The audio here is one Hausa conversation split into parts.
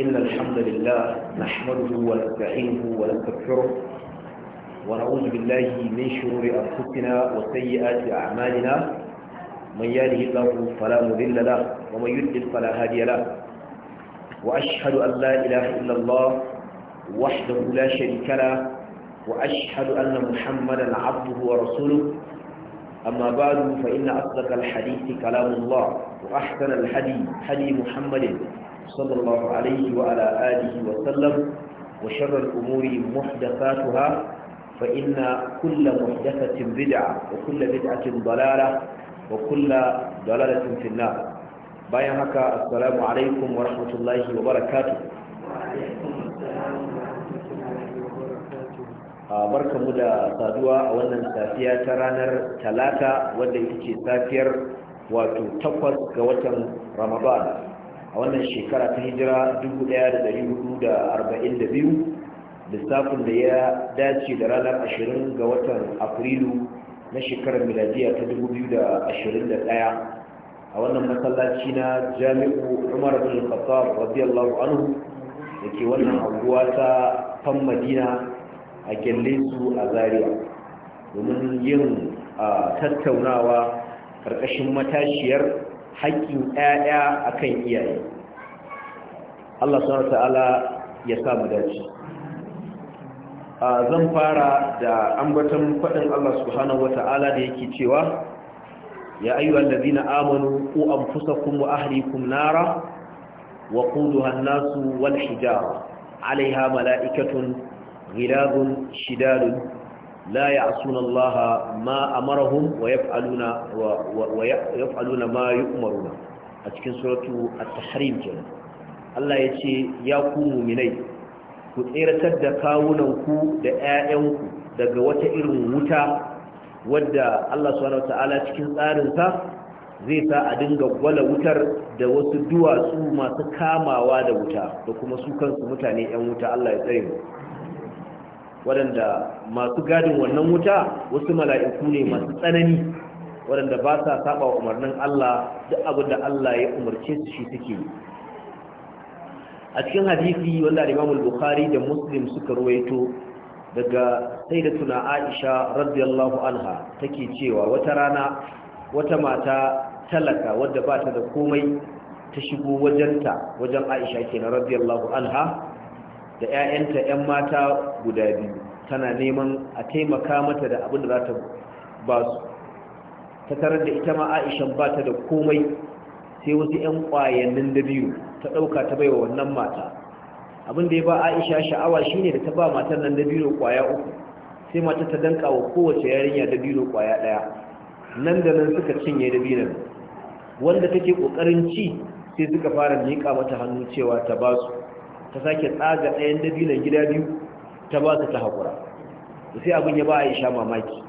إن الحمد لله نحمده ونستعينه ونستغفره ونعوذ بالله من شرور أنفسنا وسيئات أعمالنا من يهده الله فلا مذل له ومن يضلل فلا هادي له وأشهد أن لا إله إلا الله وحده لا شريك له وأشهد أن محمدا عبده ورسوله أما بعد فإن أصدق الحديث كلام الله وأحسن الحديث حديث محمد صلى الله عليه وعلى آله وسلم وشر الأمور محدثاتها فإن كل محدثة بدعة وكل بدعة ضلالة وكل ضلالة في النار bayan haka assalamu alaikum wa rahmatullahi wa barakatu barka mu da saduwa a wannan safiya ta ranar talata wadda ita ce safiyar wato takwas ga watan ramadan a wannan shekara ta hijira 1442 lissafin da ya dace da ranar 20 ga watan afrilu na shekarar miladiya ta 2021 a wannan masallaci na jami'u umar bin khattab radiyallahu anhu da ke wannan abuwa ta fan madina a gyallinsu a zaria domin yin tattaunawa ƙarƙashin matashiyar haƙƙin ƴaƴa akan iyaye Allah subhanahu ta'ala ya sa mu dace zan fara da ambaton faɗin Allah subhanahu da yake cewa ya ayyuhal ladina amanu qu anfusakum wa ahlikum nara wa quduha an-nasu wal hijara 'alayha mala'ikatun غلاب شداد la ya'suna Allah ma amarahum wa yaf'aluna wa yaf'aluna ma yu'maruna a cikin suratu at-tahrim kenan Allah yace ya ku mu'minai ku tsiratar da kawunanku da 'ya'yanku daga wata irin wuta wadda Allah subhanahu wataala cikin tsarinsa zai sa a dinga gwala wutar da wasu duwatsu masu kamawa da wuta da kuma su kansu mutane 'yan wuta Allah ya tsare mu waɗanda masu gadin wannan wuta wasu mala'iku ne masu tsanani waɗanda ba sa saba umarnin Allah duk abin da Allah ya umarce su shi suke a cikin hadisi wanda Imam Bukhari da Muslim suka ruwaito daga Sayyidatuna Aisha radiyallahu anha take cewa wata rana wata mata talaka wadda ba ta da komai ta shigo wajenta wajen Aisha kenan radiyallahu anha da 'ya'yanta 'yan mata guda biyu tana neman a taimaka mata da abin da za ta ba su ta tarar da ita ma Aisha ba ta da komai sai wasu 'yan ƙwayannin da biyu ta ɗauka ta baiwa wannan mata abin da ya ba aisha sha'awa shine da ta ba matar nan da biyu ƙwaya uku sai mata ta danka wa kowace yarinya da biyu ƙwaya ɗaya nan da nan suka cinye da biyu wanda take ƙoƙarin ci sai suka fara miƙa mata hannu cewa ta ba su ta sake tsaga ɗayan dabilan gida biyu ta ba su ta haƙura sai abin ya ba a yi sha mamaki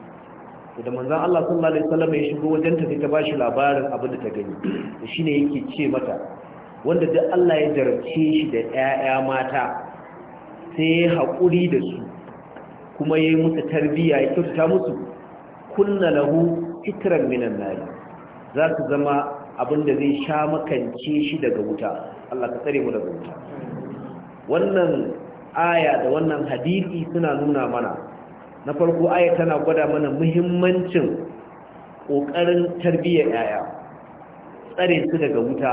da manzan Allah sallallahu alaihi wasallam ya shigo wajen ta ba shi labarin abin da ta gani Da shi ne yake ce mata wanda duk Allah ya jarabce shi da 'ya'ya mata sai ya haƙuri da su kuma ya yi musu tarbiyya ya kyautata musu kunna lahu fitran minan nari za su zama abin da zai sha makance shi daga wuta Allah ka tsare mu daga wuta wannan aya da wannan hadisi suna nuna mana na farko aya tana gwada mana muhimmancin ƙoƙarin tarbiyyar yaya tsare su daga wuta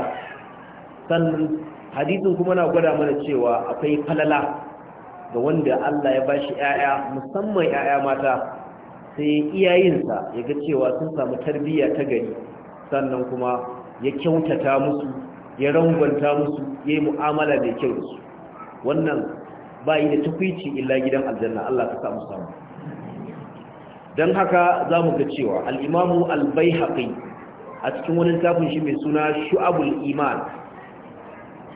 sannan hadisin kuma na gwada mana cewa akwai falala ga wanda Allah ya bashi yaya musamman yaya mata sai iyayensa ya ga cewa sun samu tarbiyya ta gari sannan kuma ya kyautata musu ya rangwanta musu ya yi mu'amala da kyau da su wannan bayi da tukwici illa gidan aljanna Allah ka samu samu don haka za mu ga cewa al'imamu albai haƙi a cikin wani tafin shi mai suna shu'abul iman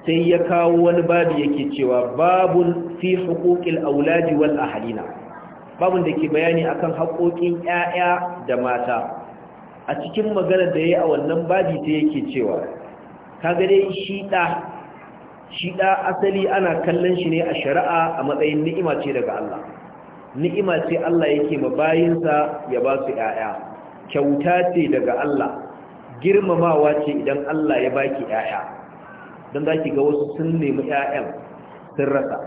sai ya kawo wani babu yake cewa babun fi haƙoƙin auladi wal ahalina babun da ke bayani akan haƙoƙin ‘ya'ya da mata a cikin maganar da ya yi a wannan babi ta yake cewa ka gare shi ɗa shi ɗa asali ana kallon shi ne a shari'a a matsayin ni'ima ce daga Allah ni'ima ce Allah yake ma bayinsa ya ba su ‘ya'ya kyauta ce daga Allah girmamawa ce idan Allah ya baki ‘ya'ya don za ki ga wasu sun nemi ‘ya'yan sun rasa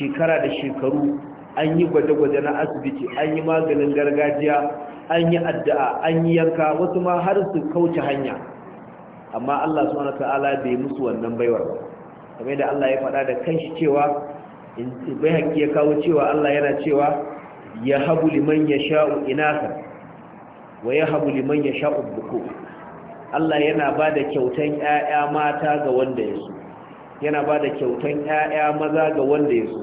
shekara da shekaru an yi gwaje-gwaje na asibiti an yi maganin gargajiya an yi addu'a an yi yanka wasu ma har su kauce hanya amma Allah subhanahu wa ta'ala bai musu wannan baiwar ba kamar da Allah ya faɗa da kanshi cewa bai hakki ya kawo cewa Allah yana cewa ya habu liman ya sha'u inasa wa ya habu liman ya sha'u buku Allah yana ba da kyautan ‘ya'ya mata ga wanda ya so yana ba da kyautan ‘ya'ya maza ga wanda ya so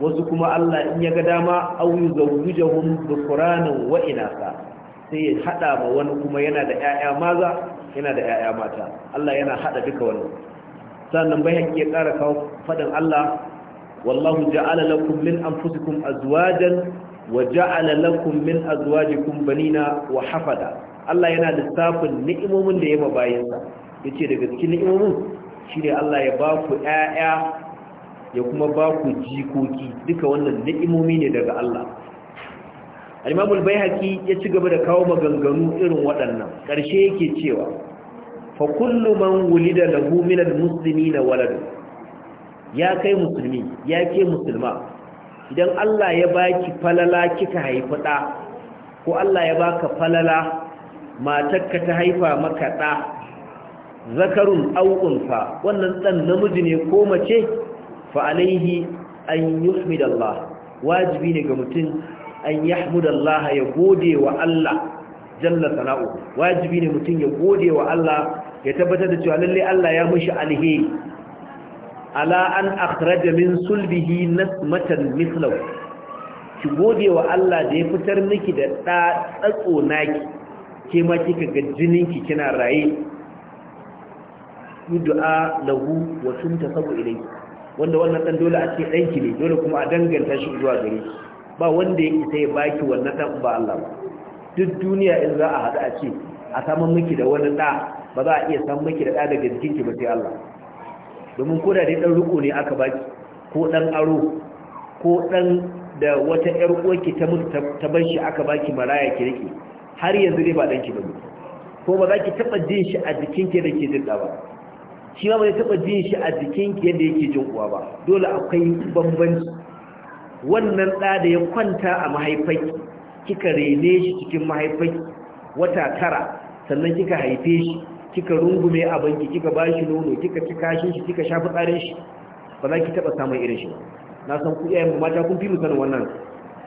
wasu kuma Allah in ya ga dama auyu zawujahum dhukuranan wa inasa sai ya hada ma wani kuma yana da ƴaƴa maza yana da ƴaƴa mata Allah yana hada duka wannan sannan bai haƙƙi ya ƙara kawo faɗin Allah wallahu ja'ala lakum min anfusikum azwajan wa ja'ala lakum min azwajikum banina wa hafada Allah yana lissafin ni'imomin da ya ma bayansa yace daga cikin ni'imomin shine Allah ya ba ku ƴaƴa ya kuma ba ku jikoki duka wannan ni'imomi ne daga Allah Al-Imam al-Baihaqi ya ci gaba da kawo maganganu irin waɗannan ƙarshe yake cewa fa kulluman man wulida lahu min na walad ya kai musulmi ya ke musulma idan Allah ya baki falala kika haifi da ko Allah ya baka falala matarka ta haifa maka da zakarun aw unfa wannan dan namiji ne ko mace fa alaihi an yuhmidallah wajibi ne ga mutum an yahmudallaha ya gode wa Allah jalla sana'u wajibi ne mutum ya gode wa Allah ya tabbatar da cewa lalle Allah ya mushi alheri ala an akhraja min sulbihi nasmatan mithlahu ki gode wa Allah da ya fitar miki da da tsatso naki ke ma kika ga jininki kina raye du'a lahu wa sabu ilayhi wanda wannan dan dole a ce danki ne dole kuma a danganta shi zuwa gare ba wanda ya isa ya baki wannan dan ba Allah ba duk duniya in za a haɗu a ce a saman miki da wani ɗa ba za a iya samun miki da ɗa daga jikinki ba sai Allah domin ko da dai ɗan riko ne aka baki ko ɗan aro ko ɗan da wata ƴar uwarki ta mutu ta bar shi aka baki maraya ki rike har yanzu dai ba ki ba ne ko ba za ki taɓa jin shi a ki da ke jin ɗa ba shi ma ba zai taɓa jin shi a ki yadda yake jin uwa ba dole akwai bambanci wannan ɗa da ya kwanta a mahaifaki. kika rene shi cikin mahaifai wata tara sannan kika haife shi kika rungume a banki kika ba shi nono kika ci kashin shi kika shafi tsarin shi ba za ki taɓa samun irin shi na san ku iyayen mata kun fi sanin wannan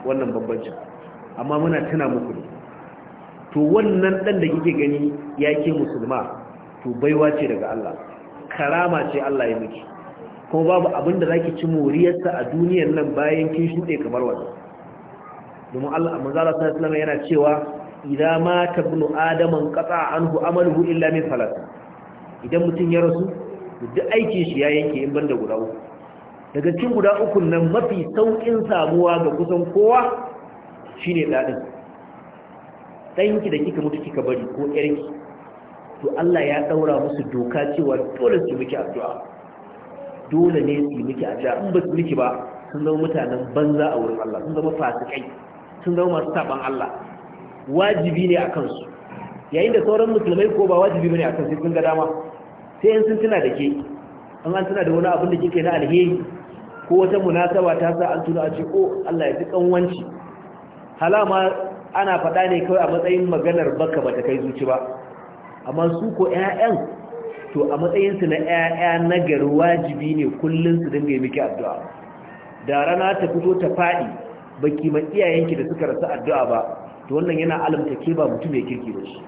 wannan bambancin amma muna tuna muku ne to wannan ɗan da kike gani ya ke musulma to baiwa ce daga Allah karama ce Allah ya miki kuma babu abin da za ki ci moriyarsa a duniyar nan bayan kin shuɗe kamar wannan domin Allah a manzala sun alaihi yana cewa idan ma ta mata Adaman adam qata anhu amaluhu illa min salat idan mutum ya rasu duk aikin shi ya yanke in banda guda uku daga cikin guda uku nan mafi saukin samuwa ga kusan kowa shine daɗin, danki da kika mutu kika bari ko yarki to Allah ya ɗaura musu doka cewa dole su miki addu'a dole ne su miki addu'a in ba su miki ba sun zama mutanen banza a wurin Allah sun zama fasikai sun zama masu saban Allah wajibi ne a kansu yayin da sauran musulmai ko ba wajibi ne a kansu sun ga dama sai in sun tuna da ke an an tuna da wani abin da kike na alheri ko wata munasaba ta sa an tuna a ce ko oh, Allah ya fi kanwanci halama ana faɗa ne kawai a matsayin maganar baka bata kai zuci ba amma su ko ƴaƴan to a matsayinsu na ƴaƴa na wajibi ne kullun su dinga yi miki addu'a da rana ta fito ta faɗi baki ma iyayenki da suka rasa addu'a ba to wannan yana alamta ke ba mutum ya kirki ba shi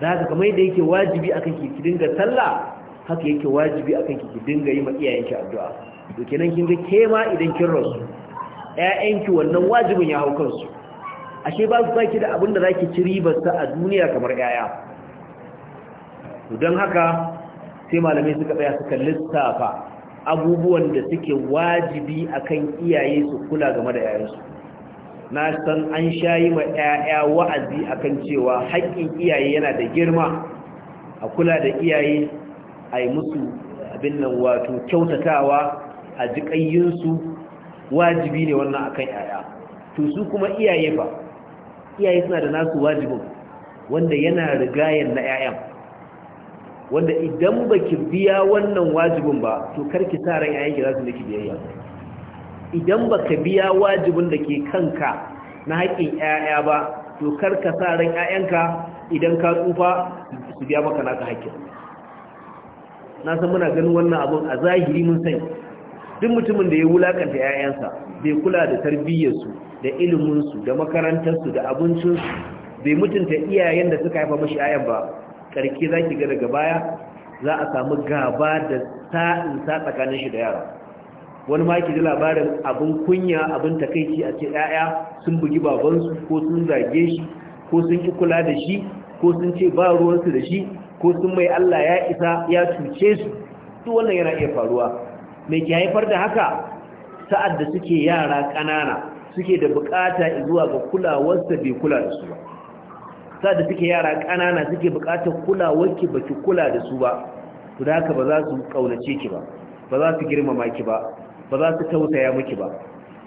da haka kamar yadda yake wajibi akan ki ki dinga sallah haka yake wajibi akan ki ki dinga yi ma iyayenki addu'a to kenan kin ga ke ma idan kin rasu Ya'yanki wannan wajibin ya hau kansu ashe ba su baki da abin da zaki ci ribarsa sa a duniya kamar 'ya'ya? to don haka sai malamai suka tsaya suka lissafa abubuwan da suke wajibi akan iyaye su kula game da yayansu na san an shayi ma 'ya'ya wa'azi akan cewa haƙƙin iyaye yana da girma a kula da iyaye a yi musu abin nan wato kyautatawa a jiƙayyinsu wajibi ne wannan akan 'ya'ya to su kuma iyaye ba iyaye suna da nasu wajibin wanda yana rigayen na 'ya'yan wanda idan baki biya wannan wajibin ba to karki sa ran yayin za su miki biyayya idan baka biya wajibin da ke kanka na haƙƙin ƴaƴa ba to karka sa ran ƴaƴanka idan ka tsufa su biya maka naka haƙin na san muna ganin wannan abun a zahiri mun sani duk mutumin da ya wulakanta ƴaƴansa bai kula da tarbiyyarsu da iliminsu da makarantarsu da abincinsu bai mutunta iyayen da suka haifa mashi ƴaƴan ba karki za ki ga daga baya za a samu gaba da sa'in sa tsakanin shi da yara wani ma ki ji labarin abin kunya abin takaici a ce 'ya'ya sun bugi babansu ko sun zage shi ko sun ki kula da shi ko sun ce ba ruwansu da shi ko sun mai Allah ya isa ya cuce su wannan yana iya faruwa mai ki haifar da haka sa'ad da suke yara ƙanana suke da bukata zuwa ga kulawarsa bai kula da su ba sa da suke yara ƙanana suke buƙatar kulawar ki baki kula da su ba to da haka ba za su kaunace ki ba ba za su girmama ki ba ba za su tausaya miki ba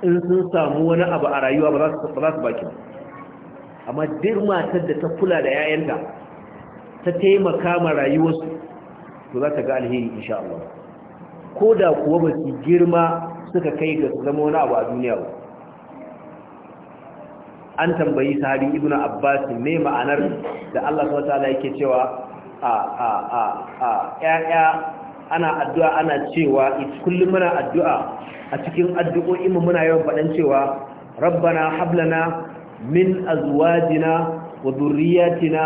in sun samu wani abu a rayuwa ba za su ba baki ba amma duk ta da ta kula da 'ya'yanta ta taimaka ma rayuwarsu to za ta ga alheri insha Allah ko da kuwa ba su girma suka kai ga su zama wani abu a duniya ba an tambayi sahabi ibn abbas ne ma'anar da Allah subhanahu wataala yake cewa a a a a ƴaƴa ana addu'a ana cewa kullum muna addu'a a cikin addu'o'in mu muna yawan faɗan cewa rabbana hablana min azwajina wa dhurriyyatina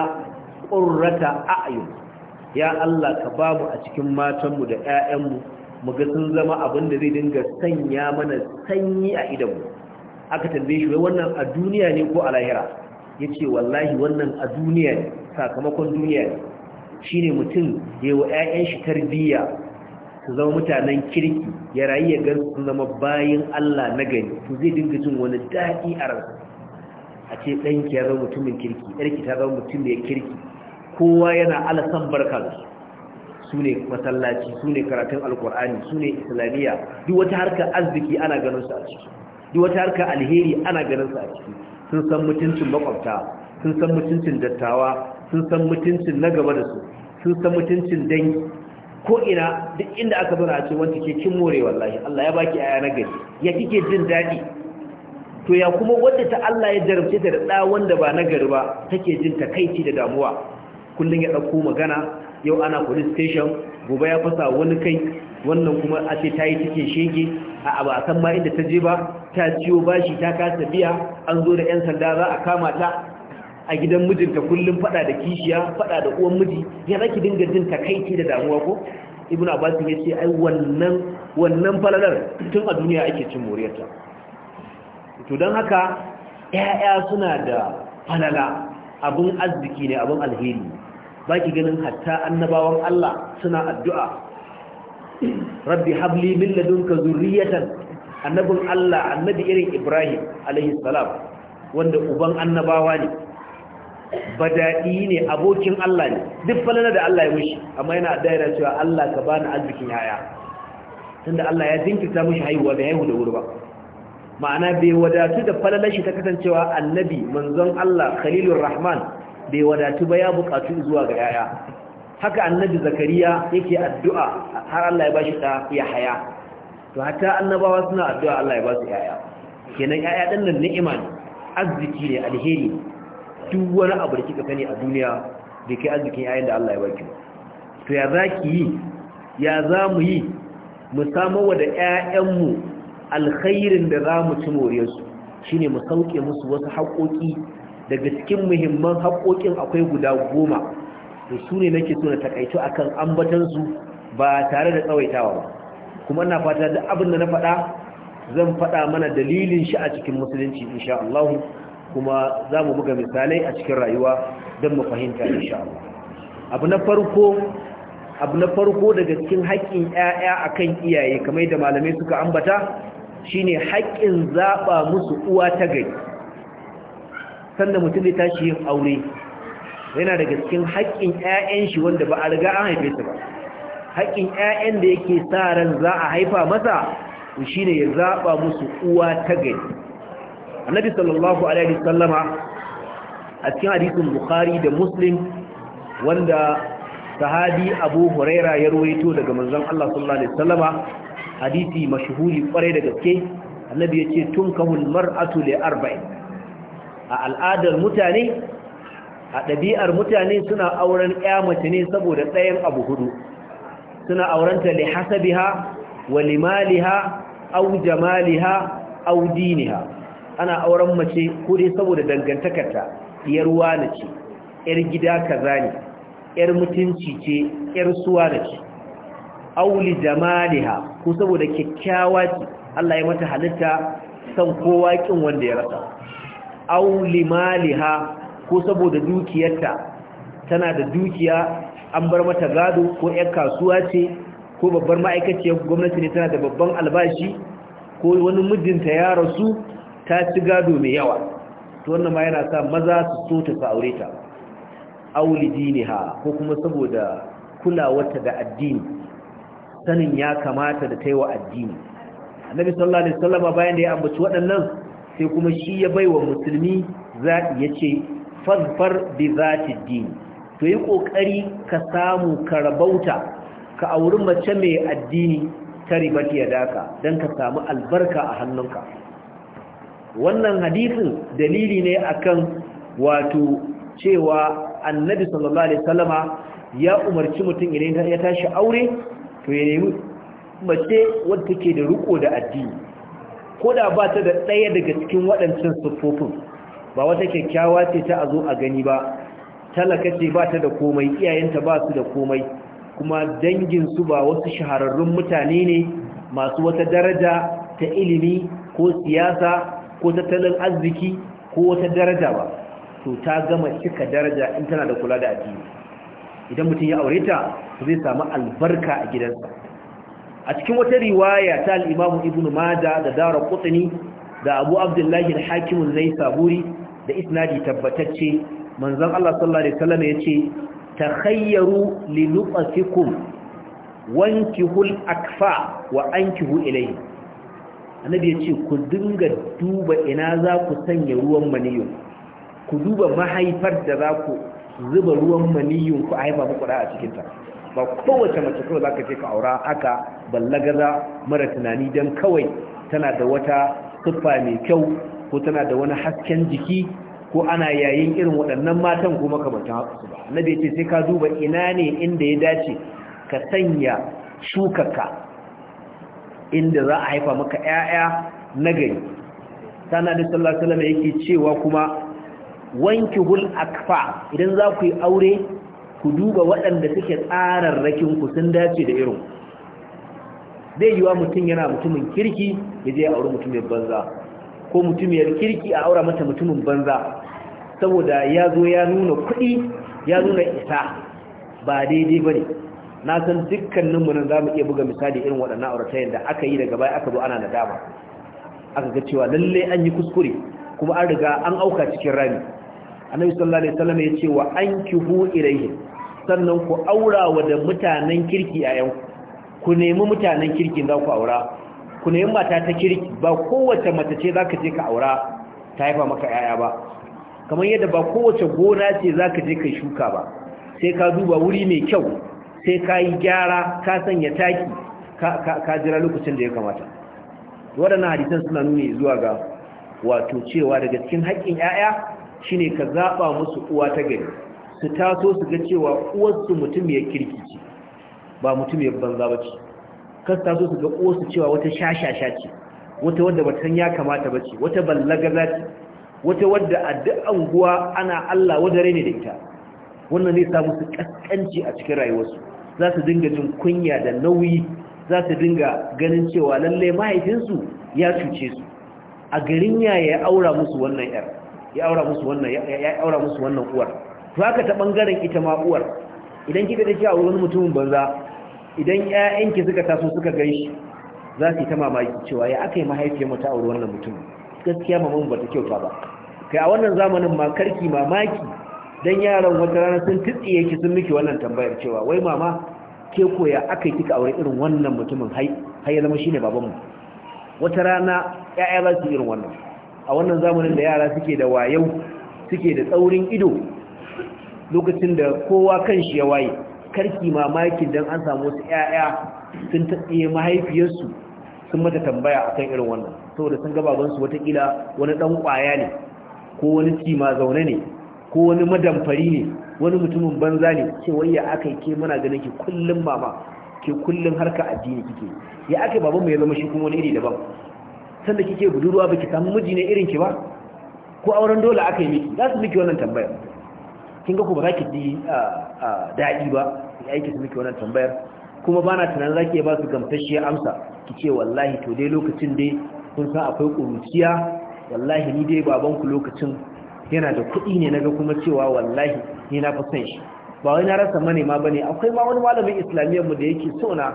qurrata a'yun ya Allah ka ba mu a cikin matanmu da 'ya'yanmu mu ga sun zama abin da zai dinga sanya mana sanyi a idanmu aka tambaye shi wannan a duniya ne ko a lahira yace wallahi wannan a duniya ne sakamakon duniya ne shine mutum ya wa ƴaƴan shi tarbiyya su zama mutanen kirki ya rayu ya ga su zama bayin Allah na gani to zai dinga jin wani daɗi a ransa a ce ɗanki ya zama mutumin kirki ɗarki ta zama mutum da ya kirki kowa yana ala san barka da su ne masallaci su ne karatun alkur'ani su ne islamiyya duk wata harkar arziki ana ganin su a ciki duk wata harka alheri ana ganin sa a ciki sun san mutuncin makwabta sun san mutuncin dattawa sun san mutuncin na gaba da su sun san mutuncin dangi ko ina duk inda aka zo a ce wanda ke kin more wallahi Allah ya baki aya na gari ya kike jin dadi to ya kuma wanda ta Allah ya jarumce ta da da wanda ba na gari ba take jin takaici da damuwa kullun ya dauko magana yau ana police station gobe ya fasa wani kai wannan kuma a ce ta yi cikin shege a ba a san ma inda ta je ba ta ciwo bashi ta kasa biya an zo da 'yan sanda za a kama ta a gidan mijinta kullum fada da kishiya fada da uwan miji ya zaki dinga jin ki da damuwa ko ibnu abbas ya ce ai wannan wannan falalar tun a duniya ake cin moriyarta to don haka 'ya'ya suna da falala abun arziki ne abun alheri ba ki ganin hatta annabawan Allah suna addu'a rabbi habli min ladunka zurriyatan annabin Allah annabi irin Ibrahim alaihi wanda uban annabawa ne Badaɗi ne abokin Allah ne duk falana da Allah ya mishi amma yana addu'a yana cewa Allah ka bani arzikin yaya tunda Allah ya jinkirta mashi haihuwa bai haihu da wuri ba ma'ana bai wadatu da falalar shi ta kasancewa annabi manzon Allah khalilur rahman bai wadatu ba ya bukatu zuwa ga yaya haka annabi zakariya yake addu'a har Allah ya bashi da ya haya to hatta annabawa suna addu'a Allah ya basu yaya kenan yaya din nan ni'ima ne arziki ne alheri duk wani abu da kika sani a duniya da kai arzikin yayin da Allah ya baki to ya zaki yi ya za mu yi mu samu wa da ƴaƴanmu alkhairin da za mu ci moriyarsu shine mu sauke musu wasu haƙoƙi daga cikin muhimman haƙoƙin akwai guda goma da su ne nake so na takaitu akan ambatansu ba tare da tsawaitawa ba kuma ina fata da abin da na faɗa zan faɗa mana dalilin shi a cikin musulunci insha Allah kuma za mu buga misalai a cikin rayuwa don mu fahimta insha Allah abu na farko abu na farko daga cikin haƙƙin ƴaƴa akan iyaye kamar da malamai suka ambata shine haƙƙin zaba musu uwa ta gari sanda mutum zai tashi yin aure yana daga cikin haƙƙin ƴaƴan shi wanda ba a riga an haife su ba haƙƙin ƴaƴan da yake sa ran za a haifa masa to shine ya zaba musu uwa ta gari annabi sallallahu alaihi wasallama a cikin hadisin bukhari da muslim wanda sahabi abu huraira ya ruwaito daga manzon Allah sallallahu alaihi wasallama hadisi mashhuri kwarai da gaske annabi yace tunkahul mar'atu li arba'in a al'adar mutane a ɗabi'ar mutane suna auren mace ne saboda ɗayan abu hudu suna aurenta li hasabiha wa limaliha au jamaliha au diniha ana auren mace ko dai saboda dangantakarta yar wani ce yar gida kaza ne yar mutunci ce yar suwa da ce au li jamaliha ko saboda kyakkyawa ce Allah ya mata halitta san kowa kin wanda ya rasa aw limaliha ko saboda dukiyarta tana da dukiya an bar mata gado ko ƴan kasuwa ce ko babbar ma'aikaciyar gwamnati ne tana da babban albashi ko wani mijinta ya rasu ta ci gado mai yawa to wannan ma yana sa maza su so ta su aure ta auli diniha ko kuma saboda kulawarta da addini sanin ya kamata da taiwa addini annabi sallallahu alaihi wasallam bayan da ya ambaci waɗannan sai kuma shi ya baiwa musulmi zaɓi ya ce fazfar bi zati din to yi ƙoƙari ka samu ka rabauta ka auri mace mai addini ta ribat ya daka don ka samu albarka a hannunka wannan hadisin dalili ne akan wato cewa annabi sallallahu alaihi wasallama ya umarci mutum idan ya tashi aure to ya nemi mace wadda take da riko da addini Koda da ba ta da ɗaya daga cikin waɗancan siffofin ba wata kyakkyawa ce ta a zo a gani ba talaka ce ba ta da komai iyayenta ba su da komai kuma danginsu ba wasu shahararrun mutane ne masu wata daraja ta ilimi ko siyasa ko tattalin arziki ko wata daraja ba to ta gama cika daraja in tana da kula da addini idan mutum ya aure ta zai samu albarka a gidansa a cikin wata riwaya ta al-Imam Ibn Mada da Daraqutni da Abu Abdullahi da hakim al Saburi da isnadi tabbatacce manzon Allah sallallahu alaihi wasallam yace takhayyaru li luqatikum wankihul akfa wa ankihu ilai? annabi yace ku dinga duba ina za ku sanya ruwan maniyu ku duba mahaifar da za ku zuba ruwan maniyun ku haifa muku da a cikinta? ba kowace mace kawai za ka ce ka aura haka ballagaza mara tunani don kawai tana da wata tuffa mai kyau ko tana da wani hasken jiki ko ana yayin irin waɗannan matan kuma makamantan haka su ba na da ce sai ka duba ina ne inda ya dace ka sanya shukaka inda za a haifa maka 'ya'ya na gari sana da sallallahu alaihi yake cewa kuma wanki hul akfa idan za ku yi aure ku duba waɗanda suke tsararrakin ku sun dace da irin zai yiwa mutum yana mutumin kirki ya je ya auri mutumin banza ko mutumiyar kirki a aura mata mutumin banza saboda ya zo ya nuna kuɗi ya nuna isa ba daidai ba ne na san dukkaninmu nan za mu iya buga misali irin waɗannan auratayen da aka yi daga baya aka zo ana nadama aka ga cewa lallai an yi kuskure kuma an riga an auka cikin rami annabi sallallahu alaihi wasallam ya ce wa ankihu ilaihi sannan ku aura wa da mutanen kirki a yau ku nemi mutanen kirki za ku aura ku nemi mata ta kirki ba kowace mata ce za ka je ka aura ta haifa maka yaya ba kamar yadda ba kowace gona ce za ka je ka shuka ba sai ka duba wuri mai kyau sai ka yi gyara ka sanya taki ka jira lokacin da ya kamata waɗannan hadisan suna nuni zuwa ga wato cewa daga cikin haƙƙin 'ya'ya shine ka zaɓa musu uwa ta gari su taso su ga cewa uwarsu mutum ya kirki ce ba mutum ya banza ba ce kan taso su ga uwarsu cewa wata shashasha ce wata wadda ba ya kamata ba ce wata za ce wata wadda a duk anguwa ana Allah wadda rai ne da ita wannan zai samu su kaskanci a cikin rayuwarsu za su dinga jin kunya da nauyi za su dinga ganin cewa lalle mahaifinsu ya cuce su a garin ya aura musu wannan yar ya aura musu wannan ya aura musu wannan uwar to haka ta bangaren ita ma uwar idan kika da cewa wurin mutumin banza idan ƴaƴanki suka taso suka gaishe, za su ta mamaki cewa ya aka yi mahaifiyar mu ta auri wannan mutum gaskiya mamun ba ta kyauta ba kai a wannan zamanin ma karki mamaki dan yaron wata rana sun tsitsiye yake sun miki wannan tambayar cewa wai mama ke koya akai yi kika aure irin wannan mutumin hai har ya zama shine babanmu wata rana ƴaƴa za su irin wannan a wannan zamanin da yara suke da wayau suke da tsaurin ido lokacin da kowa kan shi ya waye karki mamaki don an samu wasu 'ya'ya sun taɓe mahaifiyarsu sun mata tambaya akan irin wannan saboda sun ga wata watakila wani ɗan ƙwaya ne ko wani cima zaune ne ko wani madamfari ne wani mutumin banza ne ce wayya ya ke muna ganin ki kullum mama ke kullum harka addini kike ya aka baban mu ya zama shi kuma wani iri daban sanda kike budurwa baki samu miji ne irin ki ba ko auren dole aka yi miki za su miki wannan tambayar kin ga ku ba za ki ji daɗi ba aiki su miki wannan tambayar kuma bana tunanin za ki ba su gamsasshiyar amsa ki ce wallahi to dai lokacin dai kun san akwai ƙuruciya wallahi ni dai babanku lokacin yana da kuɗi ne naga kuma cewa wallahi ni na fi son shi ba wai na rasa ma ba ne akwai ma wani malamin islamiyyar mu da yake so na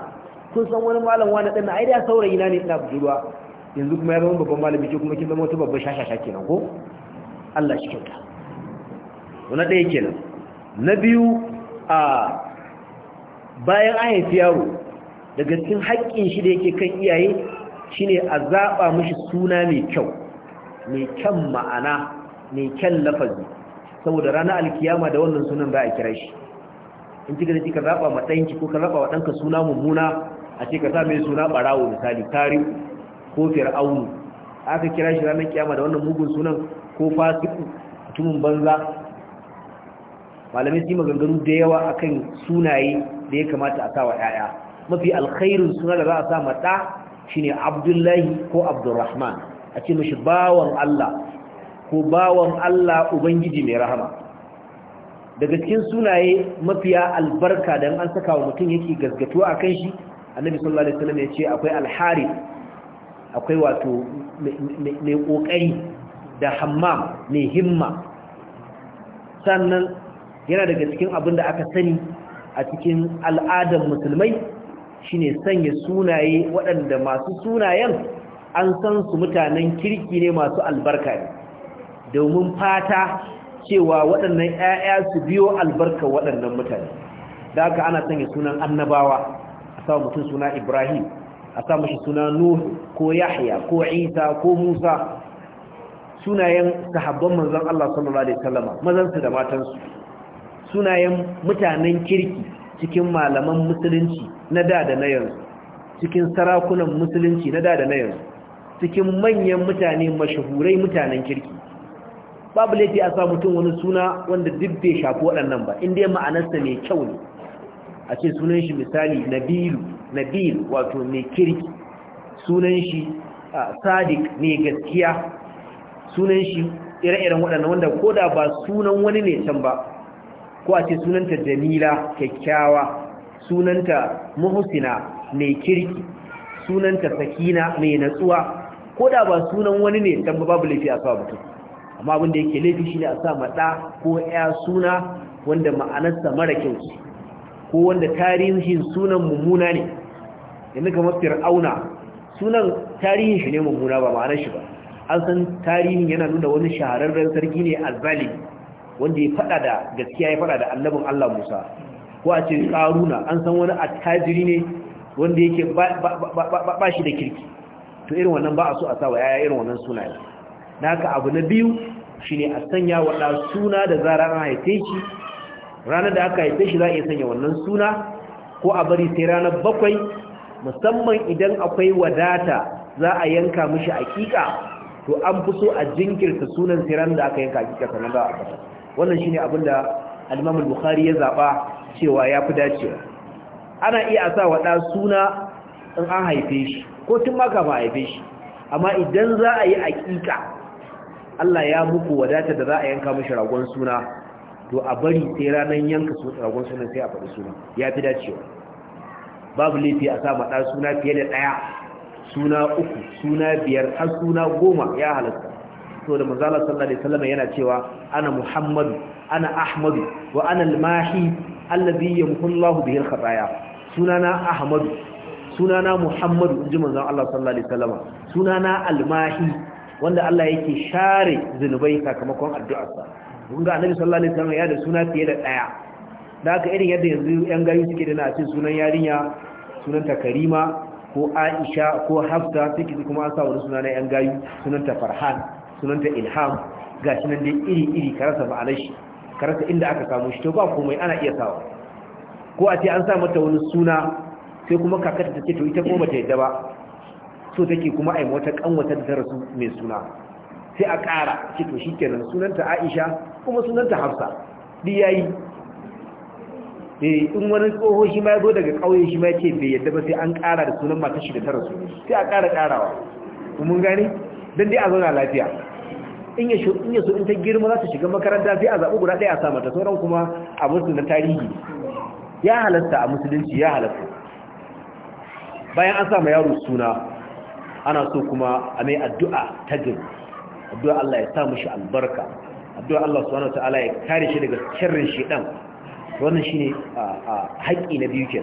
kun san wani malam wani ɗan ai da saurayi na ne ina budurwa yanzu kuma ya zama babban malami ke kuma kin zama wata babban shashasha kenan ko Allah shi kyauta wani ɗaya kenan na biyu a bayan an haifi yaro daga cikin haƙƙin shi da yake kan iyaye shine a zaɓa mashi suna mai kyau mai kyan ma'ana mai kyan lafazi saboda rana alkiyama da wannan sunan za a kira shi in gani da ka zaɓa matsayinki ɗanki ko ka zaɓa wa ɗanka suna mummuna a ce ka sa mai suna ɓarawo misali tari ko fir'aunu aka kira shi ranar kiyama da wannan mugun sunan ko fasiku mutumin banza malamai su yi maganganu da yawa akan sunaye da ya kamata a sawa yaya mafi alkhairun suna da za a sa mata shine abdullahi ko abdurrahman a ce mishi bawan allah ko bawan allah ubangiji mai rahama daga cikin sunaye mafiya albarka dan an saka wa mutum yake a akan shi annabi sallallahu alaihi wasallam ya ce akwai alhari akwai wato mai kokari da hammam mai himma sannan yana daga cikin abin da aka sani a cikin al'adar musulmai shine sanya sunaye waɗanda masu sunayen an san su mutanen kirki ne masu albarka ne domin fata cewa waɗannan 'ya'ya su biyo albarka waɗannan mutane da aka ana sanya sunan annabawa a sa mutum suna ibrahim a sa mashi suna nuhu ko yahya ko isa ko musa sunayen sahabban manzan allah sallallahu alaihi wasallama mazansu da matansu sunayen mutanen kirki cikin malaman musulunci na da da na yanzu cikin sarakunan musulunci na da da na yanzu cikin manyan mutane mashahurai mutanen kirki babu laifi a sa mutum wani suna wanda duk bai shafi waɗannan ba inda ya ma'anarsa mai kyau ne a ce sunan shi misali nabilu nabil wato mai kirki sunan shi sadiq mai gaskiya sunan shi ire-iren waɗannan wanda ko da ba sunan wani ne can ba ko a ce sunanta jamila kyakkyawa sunanta muhsina mai kirki sunanta sakina mai natsuwa ko da ba sunan wani ne dan babu laifi a sa mutum amma abin da yake laifi shine a sa mada ko ya suna wanda ma'anarsa mara kyau ce ko wanda tarihin sunan mummuna ne yanzu kamar fir'auna sunan tarihin shi ne mummuna ba ma'anar shi ba an san tarihin yana nuna wani shahararren sarki ne azzalimi wanda ya fada da gaskiya ya fada da annabin Allah Musa ko a ce karuna an san wani attajiri ne wanda yake ba shi da kirki to irin wannan ba a so a sa wa yaya irin wannan sunaye da haka abu na biyu shine a sanya wa suna da zara an haife shi ranar da aka haife shi za a sanya wannan suna ko a bari sai ranar bakwai musamman idan akwai wadata za a yanka mishi akika to an fi so a jinkirta sunan sai ranar da aka yanka aƙiƙa sannan za a fata wannan shine abin da al-Imam bukhari ya zaba cewa yafi dacewa ana iya sa wa da suna in an haife shi ko tun ma kafin haife shi amma idan za a yi aƙiƙa Allah ya muku wadata da za a yanka mishi ragon suna to a bari sai ranan yanka ragon suna sai a faɗi suna ya fi dacewa babu laifi a sa maɗa suna fiye da ɗaya suna uku suna biyar har suna goma ya halatta to da manzala sallallahu alaihi wasallam yana cewa ana muhammadu ana ahmadu wa ana al alladhi bihi sunana sunana muhammadu inji manzon Allah sallallahu alaihi wasallam sunana wanda Allah yake share zunubai sakamakon addu'arsa kun annabi sallallahu alaihi wasallam ya da suna fiye da daya da haka irin yadda yanzu yan gayu suke da na cin sunan yarinya sunanta karima ko aisha ko hafsa take kuma an sa wani suna na yan gayu farhan sunanta ilham ga shi nan dai iri-iri karasa ma'anar shi karasa inda aka samu shi to ba komai ana iya sawa ko a ce an sa mata wani suna sai kuma kakata ta ce to ita kuma bata yadda ba so take kuma a yi wata kanwata da rasu mai suna sai a ƙara ce to shikenan sunanta Aisha kuma sunanta Hafsa di yayi eh in wani tsoho shi ma yazo daga kauye shi ma yace bai yadda ba sai an ƙara da sunan matar shi da ta rasu sai a ƙara ƙarawa mun gane dan dai a zauna lafiya in ya in ya so in ta girma za ta shiga makaranta sai a zaɓi guda ɗaya a samarta, sauran kuma a musu na tarihi ya halatta a musulunci ya halatta bayan an sa yaro suna ana so kuma a mai addu'a ta jin addu'a Allah ya sa mishi albarka addu'a Allah subhanahu wataala ya kare shi daga sharrin shedan wannan shine haƙƙi na biyu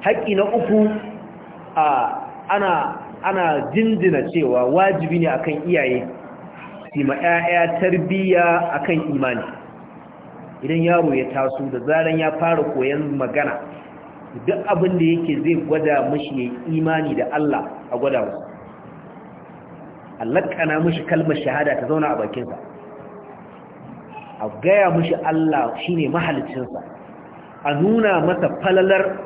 haƙƙi na uku ana ana jinjina cewa wajibi ne akan iyaye yi ma 'ya'ya tarbiyya kan imani idan yaro ya taso da zaran ya fara koyan magana duk abin da yake zai gwada mashi ya imani da Allah a gwada wasu allakana mashi kalmar shahada ta zauna a bakinsa a gaya mashi Allah shine mahalicinsa a nuna masa falalar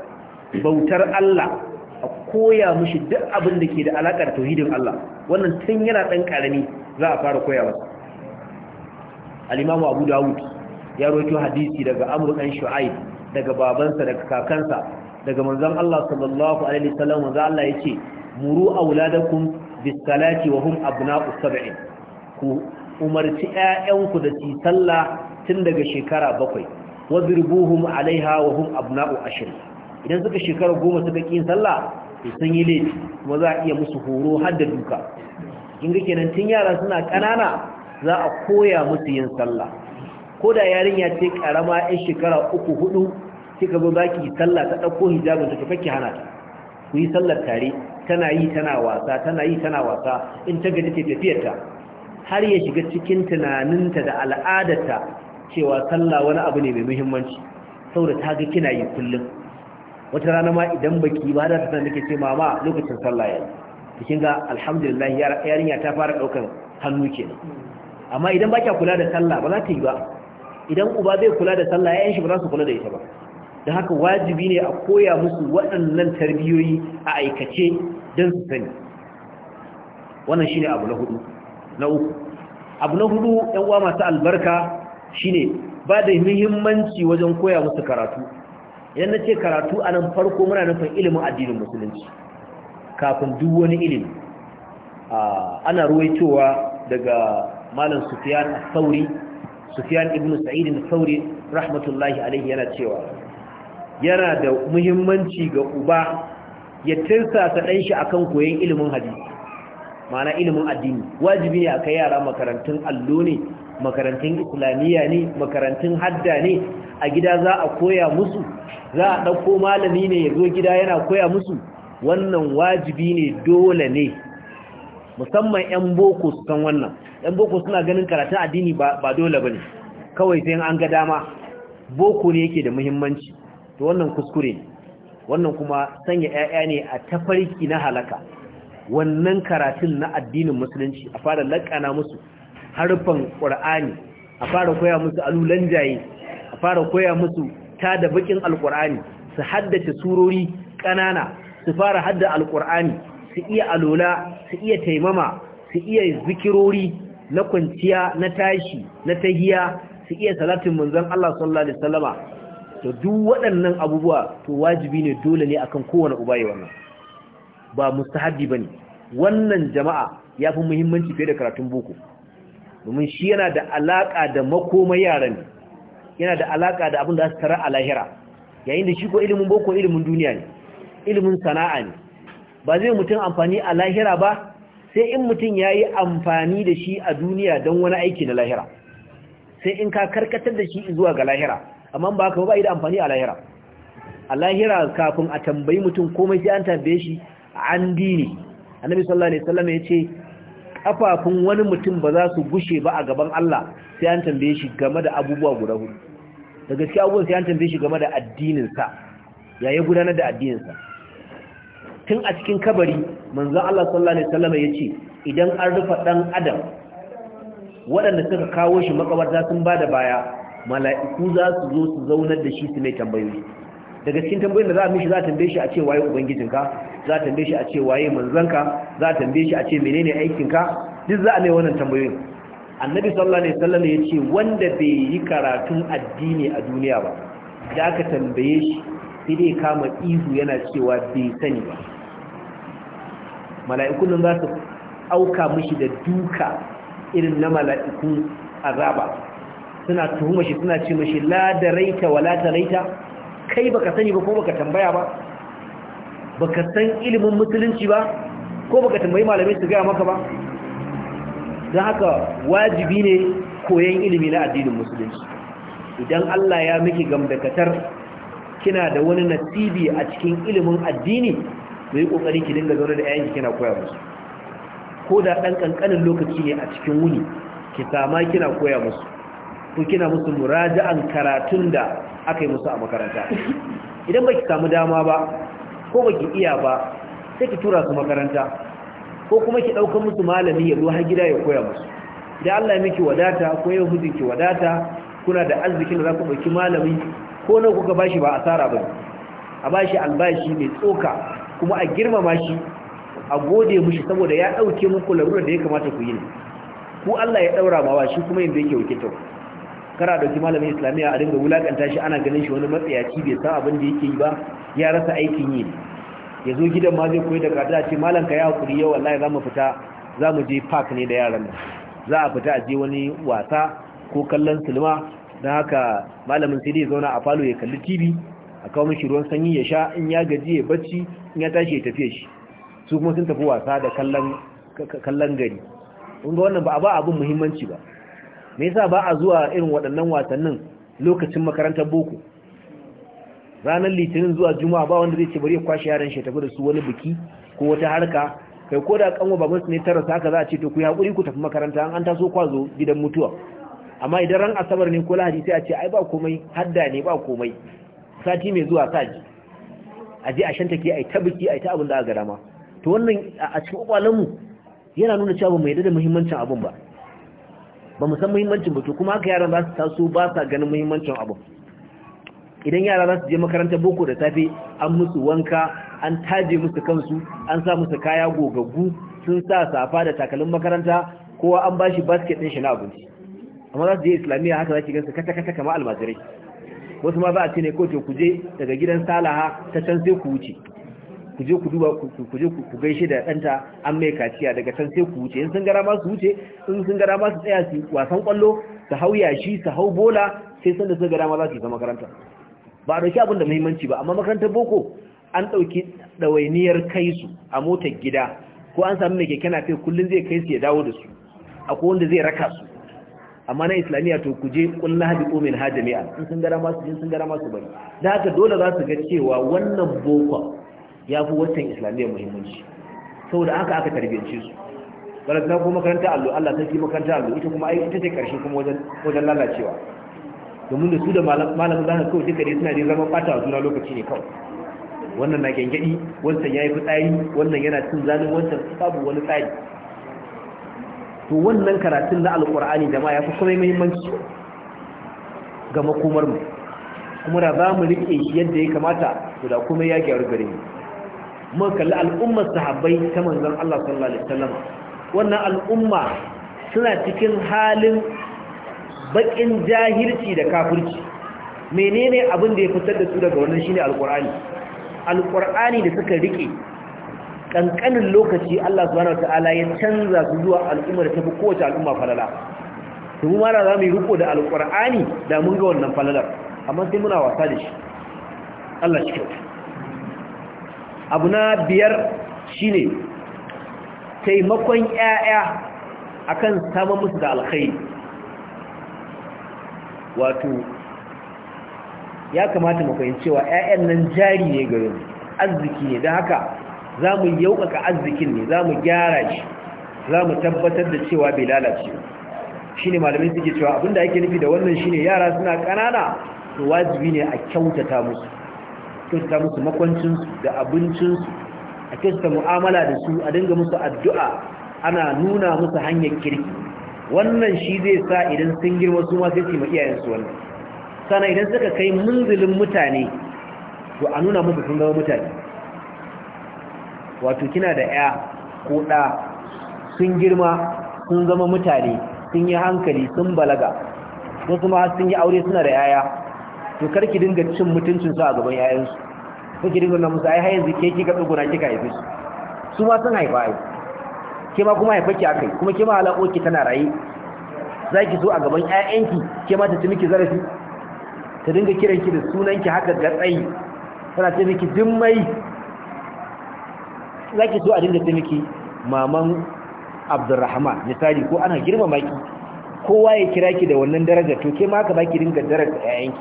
bautar Allah a koya mashi duk abin da ke da alaƙar tauhidin Allah wannan tun yana ɗan ƙarami za a fara koya masa al-imamu abu dawud ya rawaito hadisi daga amr shu'aib daga babansa daga kakansa daga manzon Allah sallallahu alaihi wasallam manzon Allah ce, muru auladakum bis salati wa hum abna'u sab'in ku umarci ƴaƴanku da su sallah tun daga shekara bakwai wadribuhum alaiha wa hum abna'u ashirin, idan suka shekara goma suka kin sallah to sun yi laifi kuma za a iya musu horo har da duka kin kenan tun yara suna ƙanana za a koya musu yin sallah ko da yarinya ce karama yan shekara uku hudu kika zo ki sallah ta ɗauko hijabin ta ki hana ta ku yi sallar tare tana yi tana wasa tana yi tana wasa in ta gaji ce ta har ya shiga cikin tunaninta da al'adarta cewa sallah wani abu ne mai muhimmanci saboda ta ga kina yi kullum wata rana ma idan baki ba da ta san nake ce mama lokacin sallah yayi cikin ga alhamdulillah yarinya ta fara daukan hannu kenan amma idan ba kya kula da sallah ba za ta yi ba idan uba zai kula da sallah yayin shi ba za su kula da ita ba da haka wajibi ne a koya musu waɗannan tarbiyoyi a aikace don su sani wannan shine abu na hudu na uku abu na hudu yan uwa masu albarka shine ba da muhimmanci wajen koya musu karatu idan na ce karatu a nan farko muna nufin ilimin addinin musulunci kafin duk wani ilimi ana ruwaitowa daga malam Sufiyan al-Thawri Sufiyan ibn Sa'id al rahmatullahi alaihi yana cewa yana da muhimmanci ga uba ya tirsasa ɗan shi akan koyon ilimin hadisi ma'ana ilimin addini wajibi ne akai yara makarantun allo ne makarantun islamiyya ne makarantun hadda ne a gida za a koya musu za a ɗauko malami ne ya zo gida yana koya musu wannan wajibi ne dole ne musamman 'yan boko su kan wannan 'yan boko suna ganin karatun addini ba dole ba ne kawai sai an ga dama boko ne yake da muhimmanci to wannan kuskure ne wannan kuma sanya 'ya'ya ne a tafarki na halaka wannan karatun na addinin musulunci a fara lakana musu harfan ƙur'ani a fara koya musu alulan jaye a fara koya musu ta da bakin alƙur'ani su haddace surori ƙanana su fara hadda alkur'ani su iya alola su iya taimama su iya zikirori na kwanciya na tashi na tahiya su iya salatin manzon Allah sallallahu alaihi wasallama to duk waɗannan abubuwa to wajibi ne dole ne akan kowane uba yi wannan ba mustahabi bane wannan jama'a yafi muhimmanci fiye da karatun boko domin shi yana da alaka da makoma yaran yana da alaka da abin da su tara a lahira yayin da shi ko ilimin boko ilimin duniya ne ilimin sana'a ne ba zai mutum amfani a lahira ba sai in mutum ya yi amfani da shi a duniya don wani aiki na lahira sai in ka karkatar da shi zuwa ga lahira amma ba ka ba yi da amfani a lahira a lahira kafin a tambayi mutum komai sai an tambaye shi an dini annabi sallallahu alaihi wasallam ya ce kafafun wani mutum ba za su gushe ba a gaban Allah sai an tambaye shi game da abubuwa guda hudu da gaskiya abubuwan sai an tambaye shi game da addininsa yaya gudanar da addininsa tun a cikin kabari manzo Allah sallallahu alaihi wasallam yace idan an rufa dan adam waɗanda suka kawo shi makabarta sun bada baya mala'iku za su zo su zaunar da shi su mai tambayoyi daga cikin tambayoyin da za a mishi za a tambaye shi a ce waye ubangijinka za a tambaye shi a ce waye manzanka za a tambaye shi a ce menene aikinka duk za a mai wannan tambayoyin annabi sallallahu alaihi wasallam yace wanda bai yi karatun addini a duniya ba da aka tambaye shi sai dai kama ihu yana cewa bai sani ba Mala'ikunan nan za su auka mashi da duka irin na mala'ikun azaba suna tuhuma shi suna ce mashi, ladaraita wa la kai baka sani ba ko baka tambaya ba baka san ilimin musulunci ba ko baka tambayi malamai su gaya maka ba don haka wajibi ne koyon ilimi na addinin musulunci idan Allah ya miki gamdakatar kina da wani nasibi a cikin ilimin addini ku yi kokari ki dinga zaune da ƴaƴanki kina koya musu ko da dan kankanin lokaci ne a cikin wuni ki sama kina koya musu ko kina musu muraja'an karatun da aka yi musu a makaranta idan baki samu dama ba ko baki iya ba sai ki tura su makaranta ko kuma ki ɗauka musu malami ya zo har gida ya koya musu idan Allah ya miki wadata ko ya ki wadata kuna da arzikin da za ku ɗauki malami ko nan kuka bashi ba asara ba a bashi albashi mai tsoka kuma a girmama shi a gode mushi saboda ya dauke muku larurar da ya kamata ku yi ku Allah ya daura wa shi kuma yanda yake wuke to kara dauki malamin islamiya a dinga wulakanta shi ana ganin shi wani matsayaci bai sa abin da yake yi ba ya rasa aikin yi ya zo gidan ma zai koyi da kada ce malam ka ya hakuri yau wallahi zamu fita zamu je park ne da yaran nan za a fita a je wani wasa ko kallon silma don haka malamin sai dai zauna a falo ya kalli tv a kawo mishi ruwan sanyi ya sha in ya gaji ya bacci in ya tashi ya tafiye shi su kuma sun tafi wasa da kallon gari unga wannan ba a ba abin muhimmanci ba me yasa ba a zuwa irin waɗannan wasannin lokacin makarantar boko ranar litinin zuwa juma'a ba wanda zai ce bari ya kwashe yaran shi tafi da su wani biki ko wata harka kai ko da kanwa baban su ne tarasa, haka za a ce to ku hakuri ku tafi makaranta an an taso kwazo gidan mutuwa amma idan ran asabar ne ko lahadi sai a ce ai ba komai hadda ne ba komai sati mai zuwa saji a je a shanta ke ai tabiki ai ta abin da aka dama to wannan a cikin kwakwalen mu yana nuna cewa mu da muhimmancin abin ba ba mu san muhimmancin ba to kuma haka yaran za su taso ba sa ganin muhimmancin abin idan yara za su je makarantar boko da safe an musu wanka an taje musu kansu an sa musu kaya gogaggu sun sa safa da takalin makaranta kowa an bashi basket din shi na abinci amma za su je islamiyya haka za ki gansu kata kata kamar almajirai wasu ma za a ce ne ko ku je daga gidan salaha ta can sai ku wuce ku je ku duba ku je ku gaishe da danta an mai kaciya daga can sai ku wuce in sun gara ma su wuce in sun gara ma su tsaya su wasan kwallo su hau yashi su hau bola sai sanda sun gara ma za su zama makaranta ba a ɗauki abin da muhimmanci ba amma makarantar boko an ɗauki ɗawainiyar kai su a motar gida ko an samu mai keke na nafe kullun zai kai su ya dawo da su akwai wanda zai raka su amma na islamiyya to ku je kullu hadi umin ha jami'a in sun gara masu jin sun gara masu bari da haka dole za su ga cewa wannan boko ya fi watan islamiyya muhimmanci saboda haka aka tarbiyyance su balantana kuma makaranta allo Allah ta fi makaranta allo ita kuma ita ce karshe kuma wajen wajen lalacewa domin da su da malamin zaka kawai duka dai suna da zaman bata suna lokaci ne kawai wannan na gengedi wannan yayi fitsari wannan yana cin zalin wannan babu wani tsari to wannan karatun na alkur'ani da ma ya fi kuma muhimmanci ga makomar mu kuma da za mu rike shi yadda ya kamata to da kuma ya gyaru gare mu mun kalli al'ummar sahabbai ta manzon Allah sallallahu alaihi wasallam wannan al'umma suna cikin halin bakin jahilci da kafirci menene abin da ya fitar da su daga wannan shine alkur'ani alkur'ani da suka rike kankanin lokaci Allah subhanahu wataala ya canza su zuwa al'ummar ta fi kowace al'umma falala to mu mara za mu yi da alqur'ani da mun ga wannan falalar amma sai muna wasa da shi Allah shi abu na biyar shine taimakon 'ya'ya akan samun musu da alkhairi wato ya kamata mu fahimci cewa ƴaƴan nan jari ne gare mu arziki ne don haka za mu yauƙaƙa arzikin ne za mu gyara shi za mu tabbatar da cewa bai lalace shi ne malamai suke cewa abinda ake nufi da wannan shi ne yara suna ƙanana su wajibi ne a kyautata musu kyautata musu makwancinsu da abincinsu a kyautata mu'amala da su a dinga musu addu'a ana nuna musu hanyar kirki wannan shi zai sa idan sun girma su ma sai su ma iyayensu wannan sana idan suka kai munzulin mutane to a nuna musu sun zama mutane wato kina da ya ko ɗa sun girma sun zama mutane sun yi hankali sun balaga wasu ma sun yi aure suna da yaya to kar ki dinga cin mutuncin su a gaban yayan Su ki dinga musu ai har yanzu ke kika tsuguna kika haife su su ma sun haifa ai ke ma kuma haifa ki akai kuma ke ma alaƙo ki tana raye zaki zo a gaban ki ke ma ta ci miki zarafi ta dinga kiran ki da sunan ki haka ga tsayi tana ce miki dimmai za ki so a dinga ce miki maman abdurrahman misali ko ana girmama ki kowa ya kira ki da wannan daraja to ke ma ka baki dinga daraja ƴaƴanki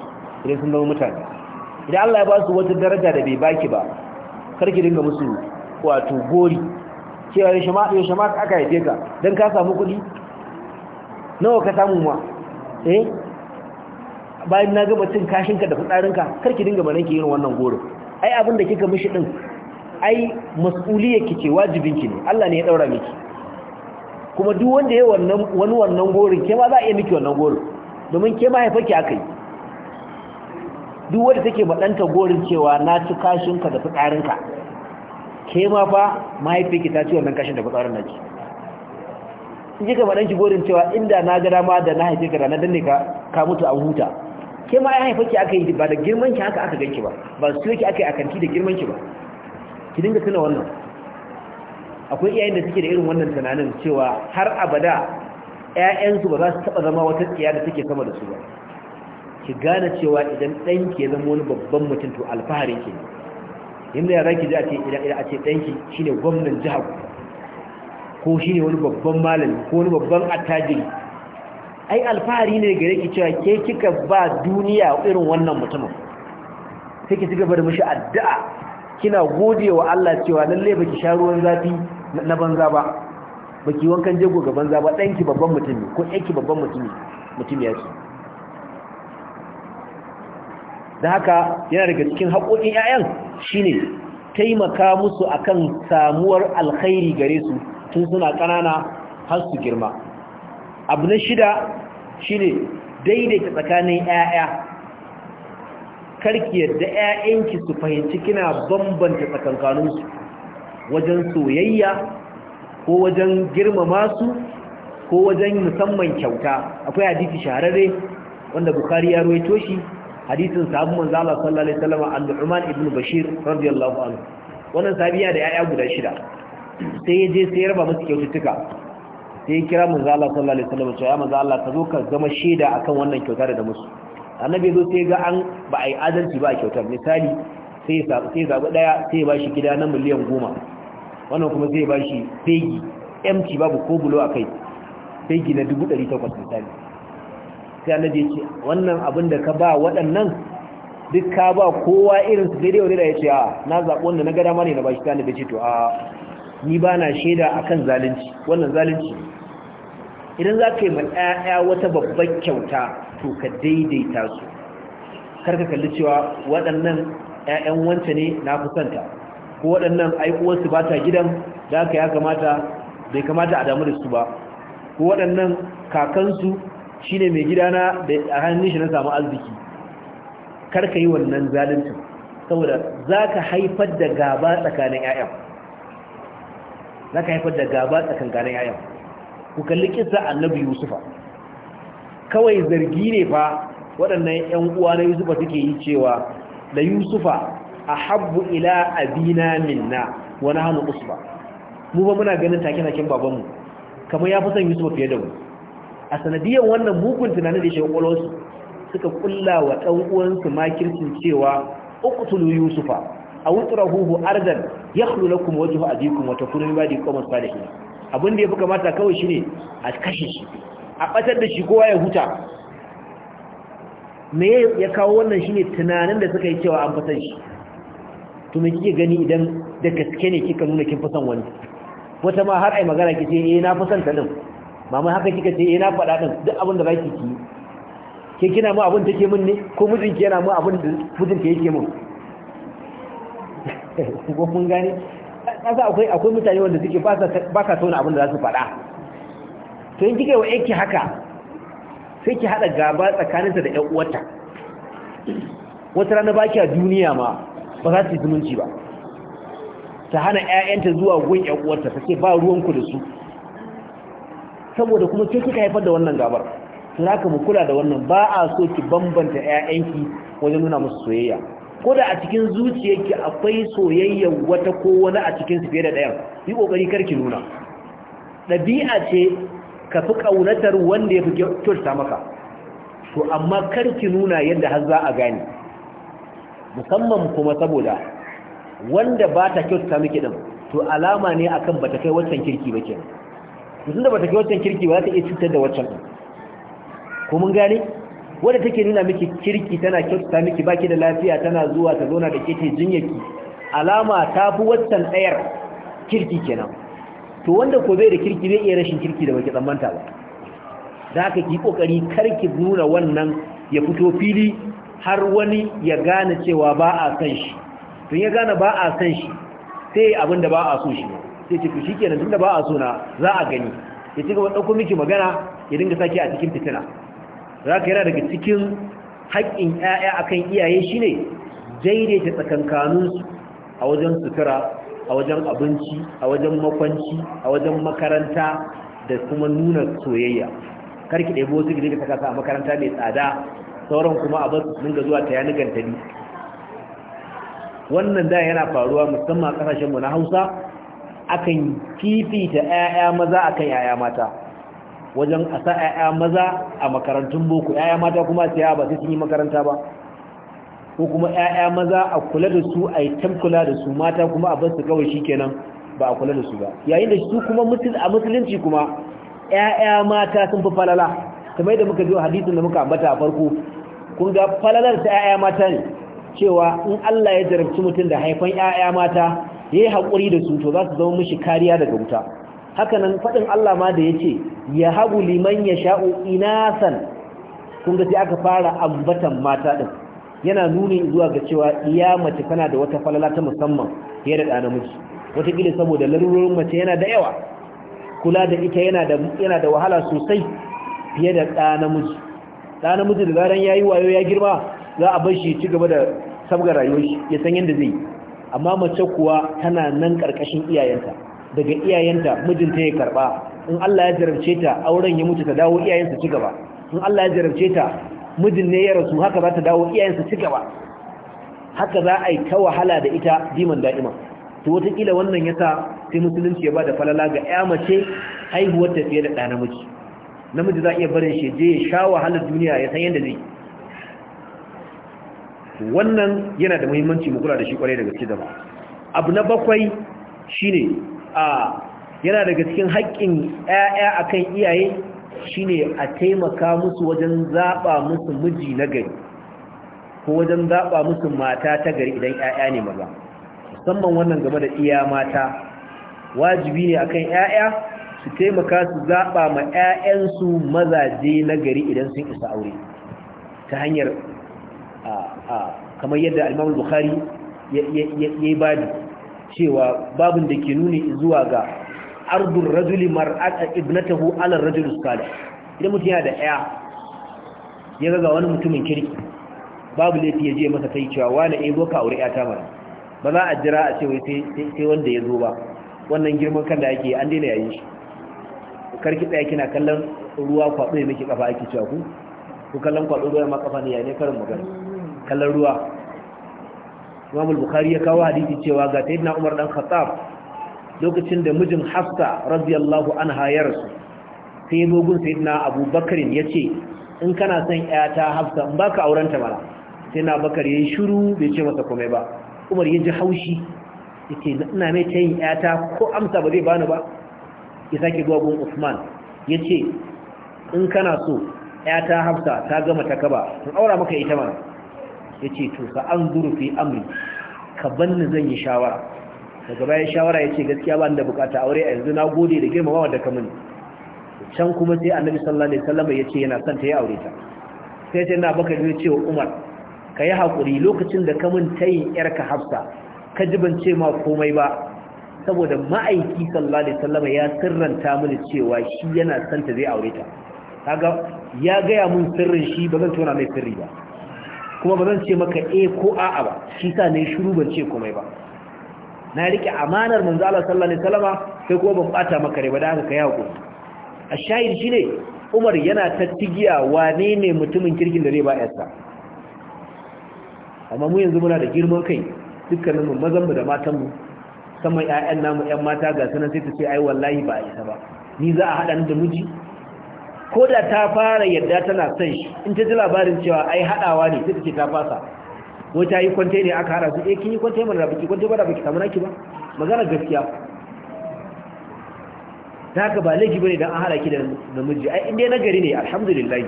idan sun zama mutane idan Allah ya ba su wata daraja da bai baki ba kar ki dinga musu wato gori cewa ya shama ya shama aka haife ka dan ka samu kuɗi nawa ka samu ma eh bayan na gama cin kashinka da fitsarinka kar ki dinga malanki irin wannan gori ai abin da kika mishi din ai mas'uliyarki ce wajibinki ne Allah ne ya daura miki kuma duk wanda ya wannan wani wannan gorin ke ma za a yi miki wannan gorin domin ke haifa aka yi duk wanda take madanta gorin cewa na ci kashinka da fitsarinka ke ma fa ki ta ci wannan kashin da fitsarin naki in ji ka ki gorin cewa inda na ga dama da na haife ka da na danne ka ka mutu a huta ke ma ya haifa aka yi ba da girman ki haka aka ganki ba ba su ki aka yi a kanti da ba ki dinga tuna wannan akwai iyayen da suke da irin wannan tunanin cewa har abada ƴaƴansu ba za su taɓa zama wata tsiya da suke sama da su ba ki gane cewa idan ɗanki ya zama wani babban mutum to alfahari ke yadda ya zaki ji a ce idan a ce ɗanki shine gwamnan jihar ko shine wani babban malami ko wani babban attajiri ai alfahari ne gare ki cewa ke kika ba duniya irin wannan mutumin sai ki ci gaba da mishi addu'a kina gode wa Allah cewa lalle baki sha ruwan zafi na banza ba baki wankan jego ga banza ba danki babban mutum ne ko yanki babban mutum ne mutum ya ce da haka yana daga cikin haƙoƙin ƴaƴan shine taimaka musu akan samuwar alkhairi gare su tun suna ƙanana har su girma abu na shida shine daidaita tsakanin ƴaƴa karki yadda ‘ya'yanki su fahimci kina bambanta tsakankaninsu wajen soyayya ko wajen girmama su ko wajen musamman kyauta akwai hadisi shahararre wanda bukari ya ruwaito shi hadisin sahabin manzo Allah sallallahu alaihi wasallam al-Uman ibn Bashir radiyallahu anhu wannan sahabiya da yaya guda shida sai ya je sai ya raba musu kyaututtuka sai ya kira manzo Allah sallallahu alaihi wasallam ya manzo Allah ka zo ka zama shaida akan wannan kyauta da musu annabi zo sai ga an ba a yi adalci ba a kyautar misali sai ya zaɓi ɗaya sai ya ba shi gida na miliyan goma wannan kuma sai ya ba shi fegi empty babu ko bulo a kai fegi na dubu ɗari takwas misali sai annabi ya ce wannan abin da ka ba waɗannan duk ka ba kowa irin su daidai wani da ya ce a na zaɓi wanda na gada ma ne na ba shi ta annabi ce to a ni ba na shaida akan zalunci wannan zalunci idan za ka yi ma 'ya'ya wata babban kyauta to ka daidaita su karka kalli cewa waɗannan 'ya'yan wancan ne na kusanta ko waɗannan aikuwarsu ba ta gidan da ka ya kamata bai kamata a damu da su ba ko waɗannan kakansu shi ne mai gidana da a hannun shi na samu arziki karka yi wannan zalunci saboda za ka haifar da gaba tsakanin 'ya'yan ku kalli kisa annabi yusufa kawai zargi ne fa waɗannan 'yan uwa na yusufa suke yi cewa da yusufa a habbu ila abina minna wani hannu usba mu ba muna ganin take-taken babanmu kamar ya fi son yusufa fiye da mu a sanadiyar wannan mugun tunanin da ya shaƙwalonsu suka kulla wa ɗan ɗan'uwansu makircin cewa uktulu yusufa a wutsura huhu ardan ya hulu lakum wajen abikun wata kunin ba da shi salihin abin da ya fi kamata kawai shi ne a kashe shi a ɓatar da shi kowa ya huta me ya kawo wannan shi ne tunanin da suka yi cewa an fasan shi to me kike gani idan da gaske ne kika nuna kin fasan wani wata ma har ai magana kike eh na fasan ta din mai haka kika ce eh na faɗa din duk abin da zaki ki ke kina mu abin take min ne ko mijinki yana mu abin da mijinki yake min ko mun gane kasa akwai akwai mutane wanda suke ba ka tona abin da za su faɗa to in kika yi wa yanki haka sai ki haɗa gaba tsakaninta da ƴan uwarta wata rana ba a duniya ma ba za su yi zumunci ba ta hana ƴaƴanta zuwa gun ƴan uwarta ta ce ba ruwanku da su saboda kuma ke kika haifar da wannan gabar to haka mu kula da wannan ba a so ki bambanta ƴaƴanki wajen nuna musu soyayya ko da a cikin zuciyarki akwai soyayyar wata ko wani a cikin su fiye da ɗayan yi ƙoƙari karki nuna ɗabi'a ce ka fi ƙaunatar wanda ya fi kyauta maka to amma karki nuna yadda har za a gane musamman kuma saboda wanda ba ta kyauta miki ɗin to alama ne akan bata kai waccan kirki ba ke. kenan tunda bata kai waccan kirki ba za ta iya cutar da waccan ɗin ko mun gane wadda take nuna miki kirki tana kyautata miki baki da lafiya tana zuwa ta zauna da ke ce jinyarki alama ta fi waccan ɗayar kirki kenan to wanda ko zai da kirki zai iya rashin kirki da baki tsammanta ba da haka ki kokari karki nuna wannan ya fito fili har wani ya gane cewa ba a san shi tun ya gane ba a san shi sai abin ba a so shi sai ce ku shikenan tunda ba a so na za a gani ya ci gaba ɗauko miki magana ya dinga sake a cikin fitina za ka yana daga cikin haƙƙin 'ya'ya akan iyaye shi shine daidaita tsakankaninsu a wajen sutura a wajen abinci a wajen makwanci a wajen makaranta da kuma nuna soyayya karki ɗaya wasu gidi ta kasa a makaranta mai tsada sauran kuma a basu ga zuwa ta yanu tali wannan da yana faruwa musamman a ƙasashenmu na hausa akan ta 'ya'ya maza akan 'ya'ya mata wajen a sa 'ya'ya maza a makarantun boko 'ya'ya mata kuma siya ba sai sun yi makaranta ba ko kuma 'ya'ya maza a kula da su a yi tamkula da su mata kuma a basu kawai shikenan ba a kula da su ba yayin da su kuma a musulunci kuma 'ya'ya mata sun fi falala kamar da muka ji hadisin da muka ambata a farko kun ga falalar ta 'ya'ya mata ne cewa in Allah ya jarabci mutum da haifan 'ya'ya mata ya yi haƙuri da su to za su zama mishi kariya daga wuta Hakanan faɗin Allah ma da ya ce ya hagu liman ya sha'u inasan kun ga sai aka fara ambatan mata ɗin yana nuni zuwa ga cewa iya mace kana da wata falala ta musamman fiye da ɗana miji wataƙila saboda larurorin mace yana da yawa kula da ita yana da wahala sosai fiye da ɗana miji ɗana miji da zaran ya yi wayo ya girma za a bar shi ci gaba da sabgar rayuwar shi ya san yadda zai yi amma mace kuwa tana nan ƙarƙashin iyayenta daga iyayenta mijinta ya karba in Allah ya jarabce ta auren ya mutu ta dawo iyayensa ci gaba in Allah ya jarabce ta mijin ne ya rasu haka za ta dawo iyayensa ci gaba haka za a yi ta wahala da ita diman da'ima to wataƙila wannan yasa sai musulunci ya ba da falala ga ya mace haihuwar ta fiye da ɗa namiji namiji za a iya barin shi je ya sha wahalar duniya ya san yadda zai wannan yana da muhimmanci mu kula da shi kwarai da gaske da abu na bakwai shine a yana daga cikin haƙƙin ‘ya'ya a kan iyaye shi a taimaka musu wajen zaɓa musu miji na gari ko wajen zaɓa musu mata ta gari idan ‘ya'ya ne maza musamman wannan game da iya mata wajibi ne akan ‘ya'ya su taimaka su zaɓa ma ‘ya'yansu mazaje na gari idan sun isa aure ta hanyar kamar yadda almamu bukari ya yi badi. cewa babin da ke nuni zuwa ga ardun rajuli mar'ata ibnatahu ala rajulus salih idan mutum yana da ɗaya ya ga wani mutumin kirki babu laifi ya je masa ta yi cewa wani ya eh, zo ka aure ƴata mara ba za a jira a ce wai sai wanda ya zo ba wannan girman kan da ake an daina yayin shi karki tsaya kina kallon ruwa kwaɗo ya miki kafa ake cewa ku ku kallon kwaɗo ruwa ma kafa ne ya ne karin magana kallon ruwa Imam al-Bukhari ya kawo hadisi cewa ga Sayyidina Umar dan Khattab lokacin da mijin Hafsa radiyallahu anha ya rasu sai dogon Sayyidina Abu ya yace in kana son ƴata Hafsa in baka aurenta mala na Bakar yayi shiru bai ce masa komai ba Umar ya ji haushi yake ina mai ta yin ƴata ko amsa ba zai bani ba ya sake zuwa gun Usman yace in kana so ƴata Hafsa ta gama ta kaba, in aura maka ita mana ya ce to fa an zuru amri ka banni zan yi shawara daga bayan shawara ya ce gaskiya ba da bukata aure a yanzu na gode da girmamawa da muni. can kuma sai annabi sallallahu alaihi wasallam ya ce yana son ta yi aure ta sai sai na baka ya cewa umar ka yi haƙuri lokacin da ka kamun yin yarka hafsa ka jibance ma komai ba saboda ma'aiki sallallahu alaihi wasallam ya sirranta mini cewa shi yana son ta zai aure ta kaga ya gaya mun sirrin shi ba zan tona mai sirri ba kuma ba zan ce maka eh ko a'a ba shi sa ne shiru ban ce komai ba na rike amanar manzo Allah sallallahu alaihi wasallama sai kuma ban bata maka rai ba da haka kai hakuri a shi shine Umar yana tattigiya wane ne mutumin kirkin da zai ba yarsa amma mu yanzu muna da girman kai dukkanin mu mazan mu da matan mu saman ƴaƴan namu ƴan mata ga sanan sai ta ce ai wallahi ba a isa ba ni za a hada ni da miji ko da ta fara yadda tana son shi in ta ji labarin cewa ai haɗawa ne sai ta ce ta fasa ko ta yi container aka hada su eh kin yi container mana biki container ba da biki kamar naki ba magana gaskiya ta ka ba laifi bane dan an hada ki da namiji ai in dai gari ne alhamdulillah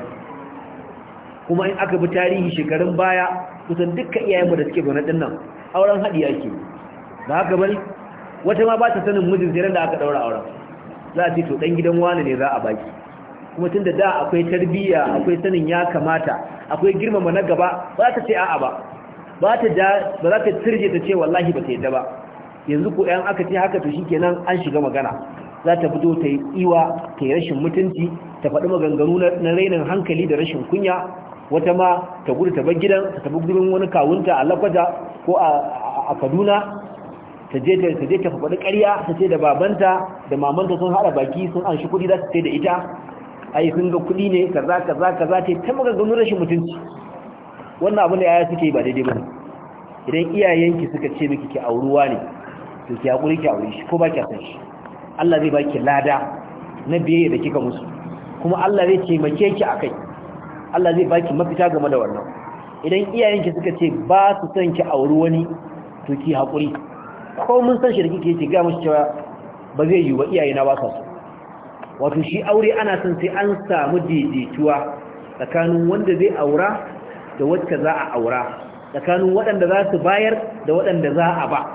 kuma in aka bi tarihi shekarun baya kusan dukkan iyayenmu da suke zaune din nan auren hadi ake ba haka bane wata ma ba ta sanin mijin sai da aka daura auren za a ce to dan gidan wani ne za a baki kuma tunda da akwai tarbiyya akwai sanin ya kamata akwai girmama na gaba ba ta ce a'a ba ba ta za ta turje ta ce wallahi ba ta yadda ba yanzu ko yan aka ce haka to shikenan an shiga magana za ta fito ta yi iwa ta yi rashin mutunci ta faɗi maganganu na rainin hankali da rashin kunya wata ma ta gudu ta bar gidan ta tafi gurin wani kawunta a lakwaja ko a kaduna ta je ta je ta faɗi ƙarya ta ce da babanta da mamanta sun haɗa baki sun an shi kuɗi za su ce da ita ai sun ga kuɗi ne kaza kaza kaza ta ta maganganun rashin mutunci wannan abin da yaya suke ba daidai bane idan iyayenki suka ce miki ki auruwa ne to ki hakuri ki aure shi ko ba ki san shi Allah zai baki lada na biyayya da kika musu kuma Allah zai taimake ki akai Allah zai baki mafita game da wannan idan iyayenki suka ce ba su son ki auri wani to ki hakuri ko mun san shi da kike ki ga musu cewa ba zai yi wa iyayena ba su so wato shi aure ana son sai an samu daidaituwa tsakanin wanda zai aura da wacce za a aura tsakanin waɗanda za su bayar da waɗanda za a ba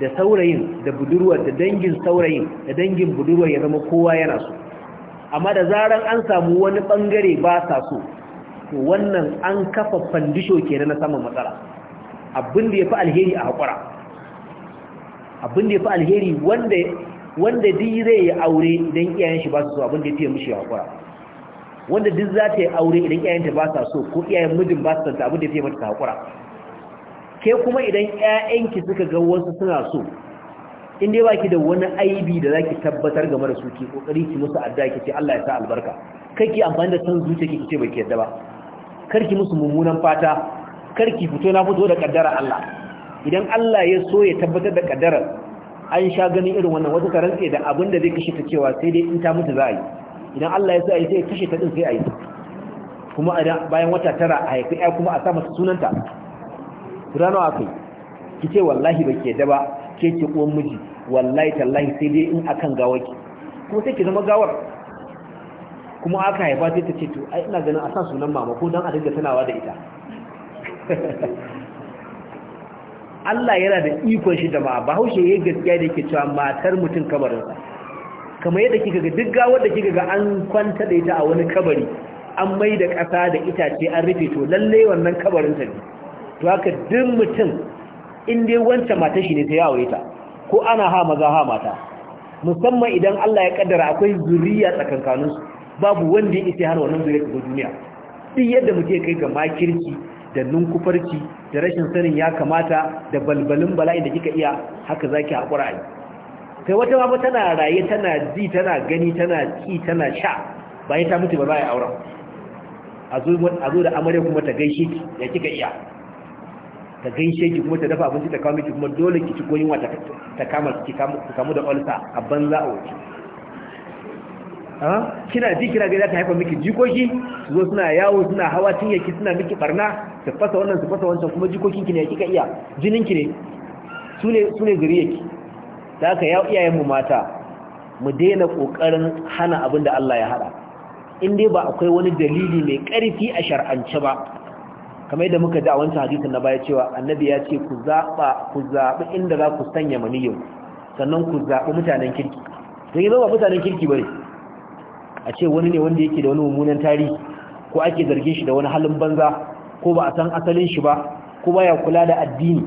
da saurayin da budurwar da dangin saurayin da dangin budurwar ya zama kowa yana so amma da zaran an samu wani bangare ba sa so to wannan an kafa fandisho kenan na saman matsala abin da ya fi alheri a haƙura abin da ya fi alheri wanda wanda duk zai yi aure idan iyayen shi ba su so abin da ya fiye mishi hakura wanda duk za ta yi aure idan iyayen ta ba sa so ko iyayen mijin ba su santa abin da ya fiye mata hakura ke kuma idan ki suka ga wasu suna so in dai baki da wani aibi da zaki tabbatar game da su ki kokari ki musu addu'a ki ce Allah ya sa albarka kai ki amfani da san zuciya ki ce baki yadda ba kar ki musu mummunan fata kar ki fito na fito da kaddara Allah idan Allah ya so ya tabbatar da kaddarar an sha ganin irin wannan wata karantse da abin da zai kashe ta cewa sai dai in ta mutu za a yi idan Allah ya sa a sai kashe ta din sai a yi kuma bayan wata tara a haifi ya kuma a sa masa sunanta rana a kai ki ce wallahi ba ke daba ke ce uwan miji wallahi tallahi sai dai in akan gawar ki kuma sai ki zama gawar kuma aka haifa sai ta ce to ai ina ganin a sa sunan mama ko dan a dinga tunawa da ita Allah yana da ikon shi da ba bahaushe yi gaskiya da ke cewa matar mutum kabarinsa kamar yadda kika ga duk gawar da kika ga an kwanta da ita a wani kabari an mai da ƙasa da itace an rufe to lalle wannan kabarin ta ne to haka duk mutum in dai wancan matar shi ne ta yawo ta ko ana ha maza ha mata musamman idan Allah ya kaddara akwai zuriya su babu wanda ya isa har wannan zuriya ta duniya duk yadda mutum ya kai ga makirci da nunkufarki da rashin sanin ya kamata da balbalin bala'in da kika iya haka zaki haƙura a yi kai wata ma tana raye tana ji tana gani tana ci tana sha bayan ta mutu ba za a yi auren a zo da amarya kuma ta gaishe ki ya kika iya ta gaishe ki kuma ta dafa abinci ta kawo miki kuma dole ki ci goyin wata ta kama ki kamu da olsa a banza a wuce kina ji kina ga za haifa miki jikoki su zo suna yawo suna hawa yake suna miki barna su fasa wannan su fasa wancan kuma jikokin ki ne kika iya jinin ki ne su ne su ne zuriyarki da haka ya iyayen mu mata mu daina kokarin hana abin da Allah ya hada in dai ba akwai wani dalili mai karfi a shar'ance ba kamar yadda muka ji a wancan hadisin na baya cewa annabi ya ce ku zaba ku zabi inda za ku sanya maniyyinku sannan ku zabi mutanen kirki sai ba mutanen kirki bane a ce wani ne wanda yake da wani mummunan tarihi ko ake zargin shi da wani halin banza ko ba a san asalin shi ba ko baya kula da addini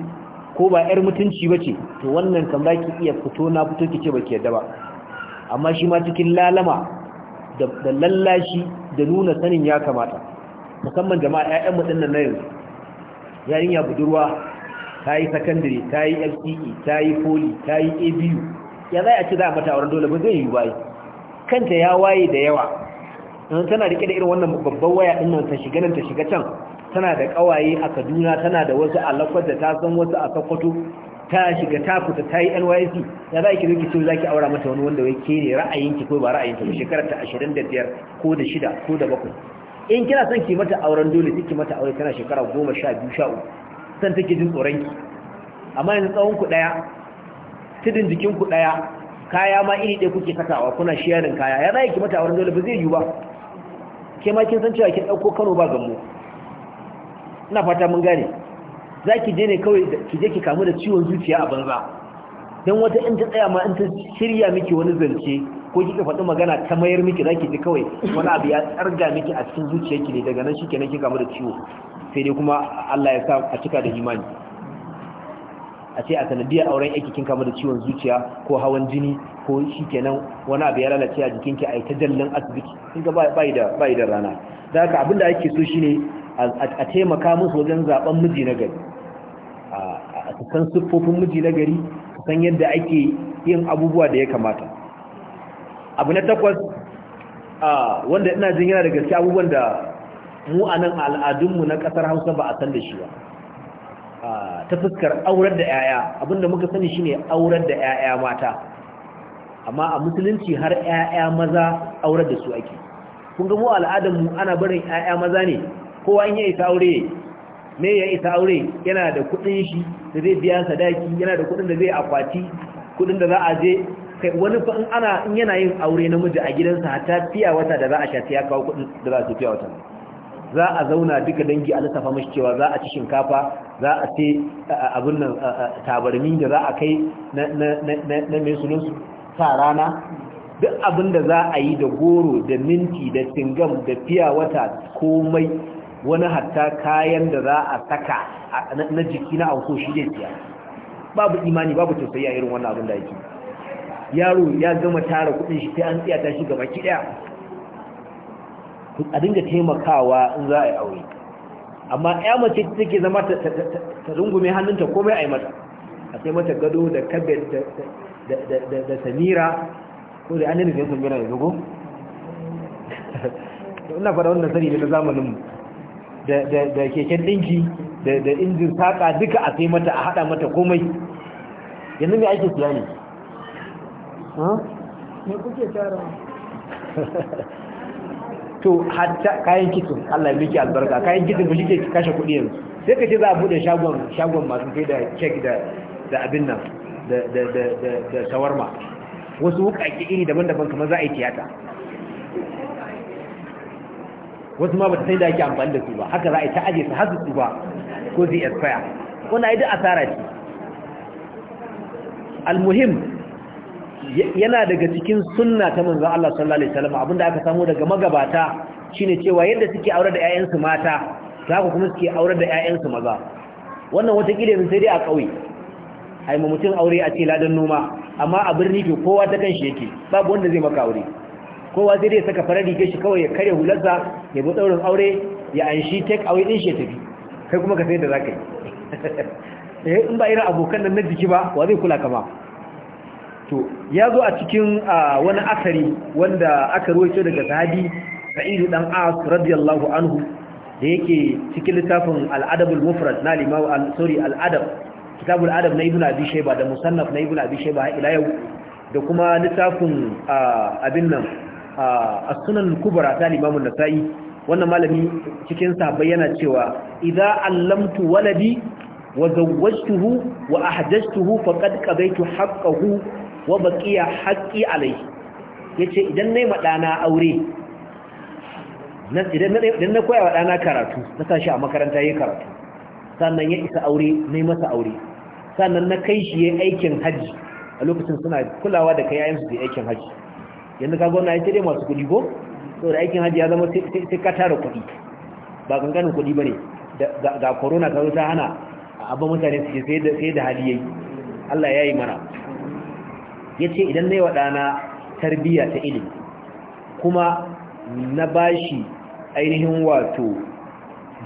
ko ba yar mutunci ce to wannan kan ki iya fito na fito ki ce baki yadda ba amma shi ma cikin lalama da lallashi da nuna sanin ya kamata musamman jama'a ƴaƴan mu dinnan na yanzu yarinya budurwa tayi yi secondary ta yi FCE tayi poly ta e, ABU ya zai a ce za a mata auren dole ba zai yi ba kanta ya waye da yawa don tana rike da irin wannan babban waya din nan ta shiga nan ta shiga can tana da kawaye a Kaduna tana da wasu alakwar da ta san wasu a Sokoto ta shiga ta fita ta yi NYC ya za ki zo ki ce za ki aura mata wani wanda wai ke ne ra'ayinki ko ba ra'ayinki ba shekarar ta 25 ko da 6 ko da 7 in kina son ki mata auren dole ki mata aure tana shekara 10 12 13 san take jin tsoron ki amma yanzu tsawon ku daya tudin jikin ku daya kaya ma iri ɗaya kuke katawa kuna shiyarin kaya ya za ki matawar dole ba zai yiwu ba ke ma kin san cewa kin ɗauko kano ba gamo ina fata mun gane za ki je ne kawai ki je ki kamu da ciwon zuciya a banza don wata in ta tsaya ma in ta shirya miki wani zance ko kika faɗi magana ta mayar miki za ki ji kawai wani abu ya tsarga miki a cikin zuciyarki ne daga nan shi kenan ki kamu da ciwo sai dai kuma Allah ya sa a cika da imani a ce a sanadiyar auren yake kin kama da ciwon zuciya ko hawan jini ko shikenan wani abu ya lalace a jikinki a yi ta asibiti kin ga bai da bai da rana da haka abinda ake so shine a taimaka musu wajen zaben miji na gari a san siffofin miji na gari san yadda ake yin abubuwa da ya kamata abu na takwas wanda ina jin yana da gaske abubuwan da mu a nan al'adunmu na ƙasar hausa ba a san da shi ba ta fuskar aurar da 'ya'ya abinda muka sani shine aurar da 'ya'ya mata amma a musulunci har 'ya'ya maza aurar da su ake kun ga mu al'adar mu ana barin 'ya'ya maza ne kowa in ya isa aure me ya isa aure yana da kudin shi da zai biya sadaki yana da kudin da zai akwati kudin da za a je kai wani fa in ana in yana yin aure namiji a gidansa hatta fiya wata da za a sha ta ya kawo kuɗin da za su fiya wata za a zauna duka dangi a littafa mashi cewa za a ci shinkafa za a ce abin nan tabarmi da za a kai na mai su sa rana duk abin da za a yi da goro da minti da tingam, da fiya wata komai wani hatta kayan da za a saka na jiki na auko shi zai siya babu imani babu tausayi a irin wannan abin da yake yaro ya gama tara kuɗin shi sai an tsiyata shi gaba ki daya a dinga taimakawa in za a yi aure amma ya mace ta take zama ta rungume hannunta komai a yi mata a sai mata gado da kabir da samira ko da annabi sai samira ya zugo ina fara wannan sani na zamaninmu da keken ɗinki da injin saƙa duka a sai mata a haɗa mata komai yanzu mai ake siya ne? me kuke tara to hatta kayan kitso Allah ya miki albarka kayan kitso ku shike kashe kuɗi yanzu sai ka ce za a bude shagon shagon masu kai da kek da da abin nan da da da da, da shawarma wasu wukaki iri daban-daban kamar za a yi tiyata wasu ma ba ta sai da ake amfani da su ba haka za a yi ta aje su har su ba ko zai expire wannan ai duk asara ce almuhim yana daga cikin sunna ta manzo Allah sallallahu alaihi wasallam abinda aka samu daga magabata shine cewa yadda suke aure da ƴaƴansu mata ku kuma suke aure da ƴaƴansu maza wannan wata kide ne sai dai a kauye ai mu mutum aure a ce ladan noma amma a birni to kowa ta kanshi yake babu wanda zai maka aure kowa zai dai saka farar rigar shi kawai ya kare hularsa ya bi daurin aure ya anshi take away din shi ya tafi kai kuma ka sai da zakai yi eh in ba irin abokan nan na jiki ba wa zai kula ka ba to ya zo a cikin wani akari wanda aka ruwaito daga sahabi sa'idu dan as radiyallahu anhu da yake cikin littafin al'adabul mufrad na sorry al'adab kitabul al'adab na ibnu abi shayba da musannaf na ibnu abi shayba ila yau da kuma littafin abin nan as-sunan kubra ta limamu nasa'i wannan malami cikin sahabbai yana cewa idza allamtu waladi wa zawwajtuhu wa ahdajtuhu faqad qadaytu haqqahu wa baqiya haqqi alai yace idan nayi madana aure na idan idan na koya wa dana karatu na tashi a makaranta yayin karatu sannan ya isa aure nayi masa aure sannan na kai shi yayin aikin haji a lokacin suna kulawa da kai yayin da aikin haji yanzu ka gwamna ya dai masu kudi ko saboda aikin haji ya zama sai ka tara kudi ba ganganin kudi bane ga corona ta zo ta hana abin mutane su sai da hali yayi Allah ya yi mana yace idan na yi wa ɗana tarbiya ta ilimi kuma na bashi ainihin wato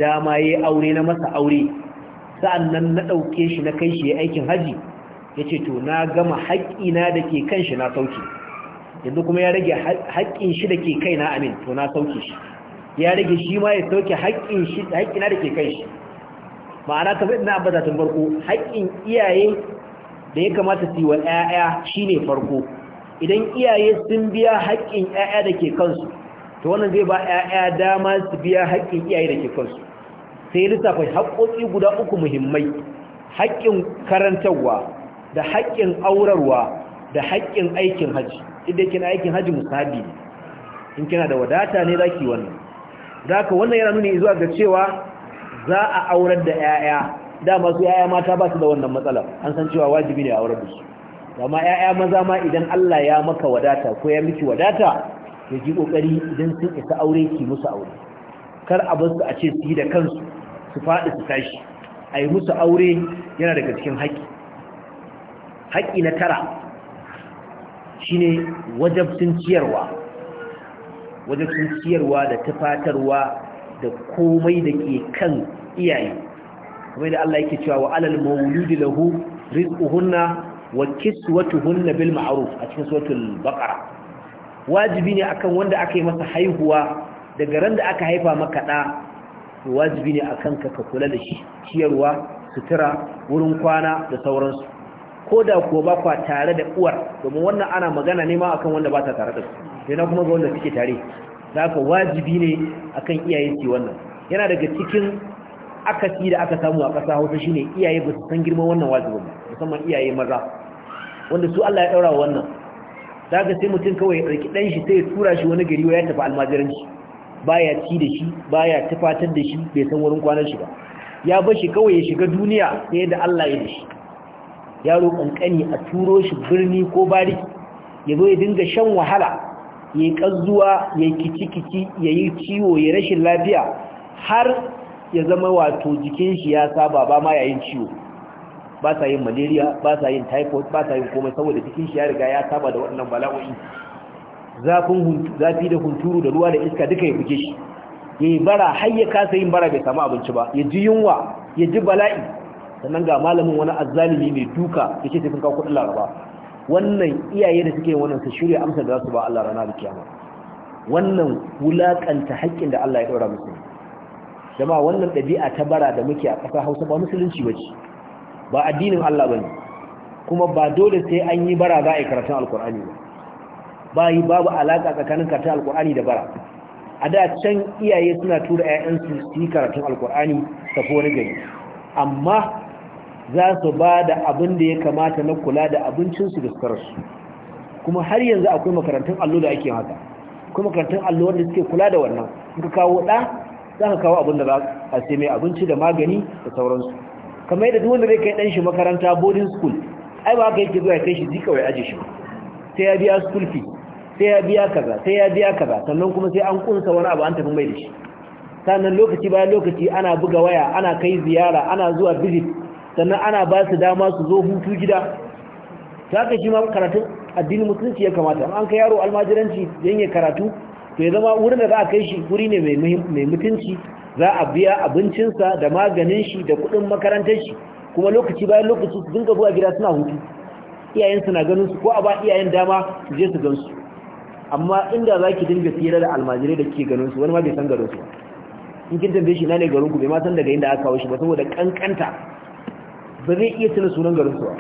dama yi aure na masa aure sa'annan na ɗauke shi na kai shi ya aikin haji yace to na gama haƙƙina ke kan shi na sauke yanzu kuma ya rage haƙƙin shi da ke kai na amin to na sauke shi ya rage shi ma ya sauke haƙƙi na da ke kai shi ma'ana kamar ina ambata tun farko haƙƙin iyaye da ya kamata su yi wa 'ya'ya shine farko idan iyaye sun biya haƙƙin 'ya'ya da ke kansu to wannan zai ba 'ya'ya dama su biya haƙƙin iyaye da ke kansu sai lissafa haƙƙoƙi guda uku muhimmai haƙƙin karantarwa da haƙƙin aurarwa da haƙƙin aikin haji idan kina aikin haji musabi ne in kina da wadata ne zaki wannan ka wannan yana nuni zuwa ga cewa za a aurar da 'ya'ya dama su yaya mata ba su da wannan matsala an san cewa wajibi ne a aurar da su amma yaya maza ma idan Allah ya maka wadata ko ya miki wadata ya ji kokari idan sun isa aure ki musu aure kar a bar su a ce su yi da kansu su faɗi su tashi a yi musu aure yana daga cikin haƙƙi haƙƙi na tara shine wajabcin ciyarwa wajabcin ciyarwa da tafatarwa da komai da ke kan iyaye kuma da Allah yake cewa wa alal mawludi lahu rizquhunna wa kiswatuhunna bil ma'ruf a cikin suratul baqara wajibi ne akan wanda aka yi masa haihuwa daga ran da aka haifa maka da wajibi ne akan ka ka kula da shi ciyarwa sutura wurin kwana da sauransu ko da kuwa ba kwa tare da uwar domin wannan ana magana ne ma akan wanda ba ta tare da su sai kuma ga wanda suke tare za ka wajibi ne akan iyaye su wannan yana daga cikin akasi da aka samu a ƙasa hausa shine iyaye ba su san girman wannan ba musamman iyaye maza wanda su Allah ya daura wannan daga sai mutum kawai ya ɗauki ɗan shi sai ya tura shi wani gari ya tafi almajiranci baya ci da shi baya tafatar da shi bai san wurin kwanan shi ba ya bar shi kawai ya shiga duniya sai da Allah ya da shi yaro kankani a turo shi birni ko bari ya zo ya dinga shan wahala ya yi ƙazzuwa ya yi kici-kici ya yi ciwo ya rashin lafiya har ya zama wato jikin shi ya saba ba ma yayin ciwo ba sa yin malaria ba sa yin typhoid ba sa yin komai saboda jikin shi ya riga ya saba da waɗannan bala'o'i zafin zafi da hunturu da ruwa da iska duka ya buge shi ya yi bara har ya kasa yin bara bai samu abinci ba ya ji yunwa ya ji bala'i sannan ga malamin wani azzalimi mai duka ya ce sai sun kawo kuɗin laraba wannan iyaye da suke wannan su shirya amsa da za su ba Allah rana da kiyama wannan wulakanta haƙƙin da Allah ya ɗora musu jama'a wannan ɗabi'a ta bara da muke a ƙasar hausa ba musulunci ba ce ba addinin allah ba ne kuma ba dole sai an yi bara za a yi karatun alkur'ani ba ba yi babu alaƙa tsakanin karatun alkur'ani da bara a da can iyaye suna tura 'ya'yansu su yi karatun alkur'ani tafi wani gari amma za su ba da abin da ya kamata na kula da abincinsu da sukararsu kuma har yanzu akwai makarantun allo da ake haka akwai makarantun allo wanda suke kula da wannan ka kawo ɗa za ka kawo abin da za a sai mai abinci da magani da sauransu kamar yadda duwanda zai kai ɗanshi makaranta boarding school ai ba haka yake zuwa kai shi zika wai aji shi sai ya biya school fee sai ya biya kaza sai ya biya kaza sannan kuma sai an kunsa wani abu an tafi mai da shi sannan lokaci bayan lokaci ana buga waya ana kai ziyara ana zuwa visit sannan ana ba su dama su zo hutu gida ta haka shi ma karatun addinin musulunci ya kamata an kai yaro almajiranci yan karatu to ya zama wurin da za a kai shi guri ne mai mutunci za a biya abincinsa da maganin shi da kuɗin makarantar shi kuma lokaci bayan lokaci su dinga zuwa gida suna hutu iyayen na ganin su ko a ba iyayen dama su je su gan su amma inda za ki dinga tsira da almajirai da ke ganin su wani ma bai san garin su in kin tambaye shi na ne garin ku bai ma san daga inda aka kawo shi ba saboda kankanta ba zai iya tuna sunan garin su ba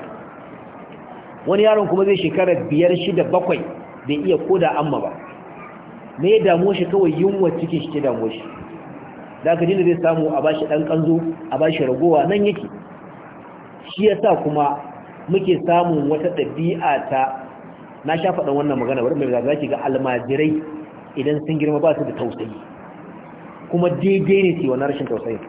wani yaron kuma zai shekara biyar shida bakwai bai iya koda amma ba me ya damu shi kawai yunwa cikin shi ke damu shi da ka jini zai samu a bashi ɗan ƙanzo a bashi ragowa nan yake shi ya sa kuma muke samun wata ɗabi'a ta na sha faɗin wannan magana bari mai zaga ki ga almajirai idan sun girma ba su da tausayi kuma daidai ne su wannan rashin tausayi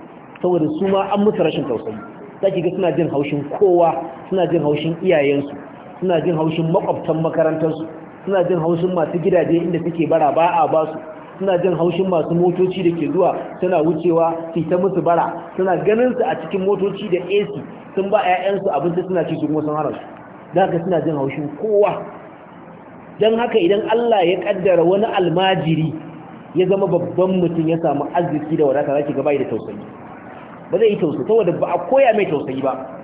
saboda su ma an musu rashin tausayi za ki ga suna jin haushin kowa suna jin haushin iyayensu suna jin haushin makwabtan makarantarsu suna jin haushin masu gidaje inda suke bara ba a ba su suna jin haushin masu motoci da ke zuwa suna wucewa su ta musu bara suna ganin su a cikin motoci da AC sun ba ƴaƴansu abinci suna ci su kuma sun hana su haka suna jin haushin kowa don haka idan Allah ya kaddara wani almajiri ya zama babban mutum ya samu arziki da wadata zaki gaba da tausayi ba zai yi tausayi saboda ba a koya mai tausayi ba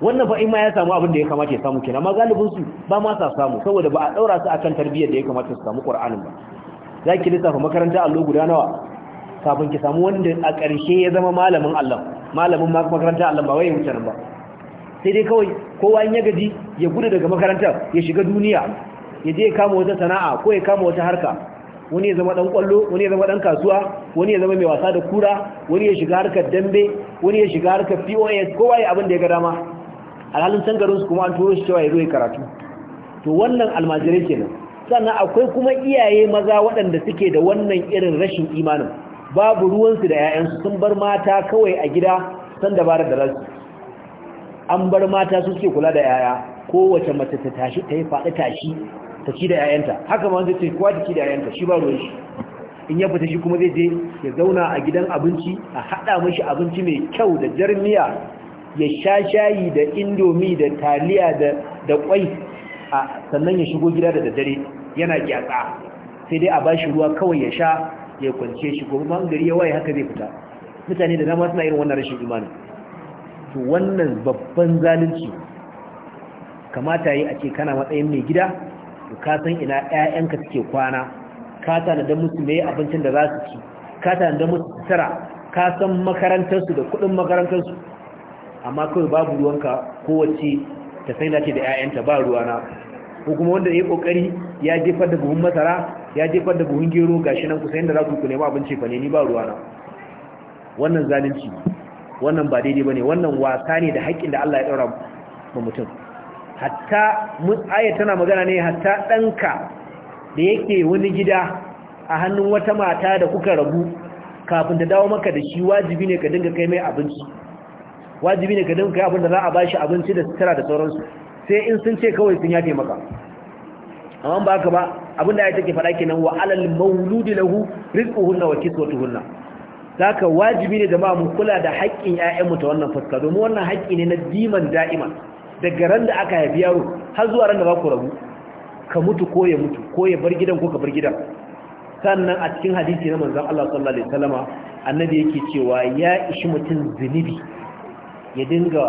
wannan fa'in ma ya samu abin da ya kamata ya samu kenan amma galibin su ba ma sa samu saboda ba a daura su akan tarbiyyar da ya kamata su samu Qur'anin ba Za ki lissafa makaranta allo guda nawa kafin ki samu wanda a ƙarshe ya zama malamin Allah malamin makaranta Allah ba wai wuce ba sai dai kawai kowa in ya gaji ya gudu daga makarantar ya shiga duniya ya je ya kama wata sana'a ko ya kama wata harka wani ya zama dan kwallo wani ya zama dan kasuwa wani ya zama mai wasa da kura wani ya shiga harkar dambe wani ya shiga harkar POS kowa ya abin da ya ga dama alhalin can garin su kuma an turo shi cewa ya zo karatu to wannan almajirai kenan sannan akwai kuma iyaye maza waɗanda suke da wannan irin rashin imanin babu ruwansu da 'ya'yansu sun bar mata kawai a gida san dabara da rasu an bar mata su suke kula da 'ya'ya kowace mace ta tashi ta yi faɗi tashi ta ci da 'ya'yanta haka ma wanda ce kowa ta ci da 'ya'yanta shi ba ruwan shi in ya fita shi kuma zai je ya zauna a gidan abinci a haɗa mashi abinci mai kyau da jarmiya ya sha shayi da indomi da taliya da kwai a sannan ya shigo gida da daddare yana kyatsa sai dai a ba shi ruwa kawai ya sha ya kwance shi kuma gari ya waye haka zai fita mutane da dama suna irin wannan rashin imani to wannan babban zalunci kamata yi a ce kana matsayin mai gida ka san ina ƴaƴanka suke kwana ka da musu mai abincin da za su ci ka da musu sutura ka san makarantarsu da kuɗin makarantarsu amma kawai babu ruwanka kowace ta sai da ce da 'ya'yanta ba ruwana ko kuma wanda ya yi kokari ya jefar da buhun masara ya jefar da buhun gero gashi nan kusa yadda za ku ku nema abinci fa ne ni ba ruwana wannan zalunci wannan ba daidai bane wannan wasa ne da haƙƙin da Allah ya daura ma mutum hatta ayat tana magana ne hatta danka da yake wani gida a hannun wata mata da kuka rabu kafin ta dawo maka da shi wajibi ne ka dinga kai mai abinci wajibi ne ka dinka kai abin da za a bashi abinci da sitara da sauransu sai in sun ce kawai sun yafe maka amma ba ka ba abin da ya take faɗa kenan wa alal mauludi lahu rizquhunna wa kiswatuhunna zaka wajibi ne jama'a mu kula da haƙƙin mu ta wannan fuska domin wannan haƙƙi ne na diman da'iman daga ran da aka haifi yaro har zuwa ran da za ku rabu ka mutu ko ya mutu ko ya bar gidan ko ka bar gidan sannan a cikin hadisi na manzon Allah sallallahu alaihi wasallama annabi yake cewa ya ishi mutum zunubi ya dinga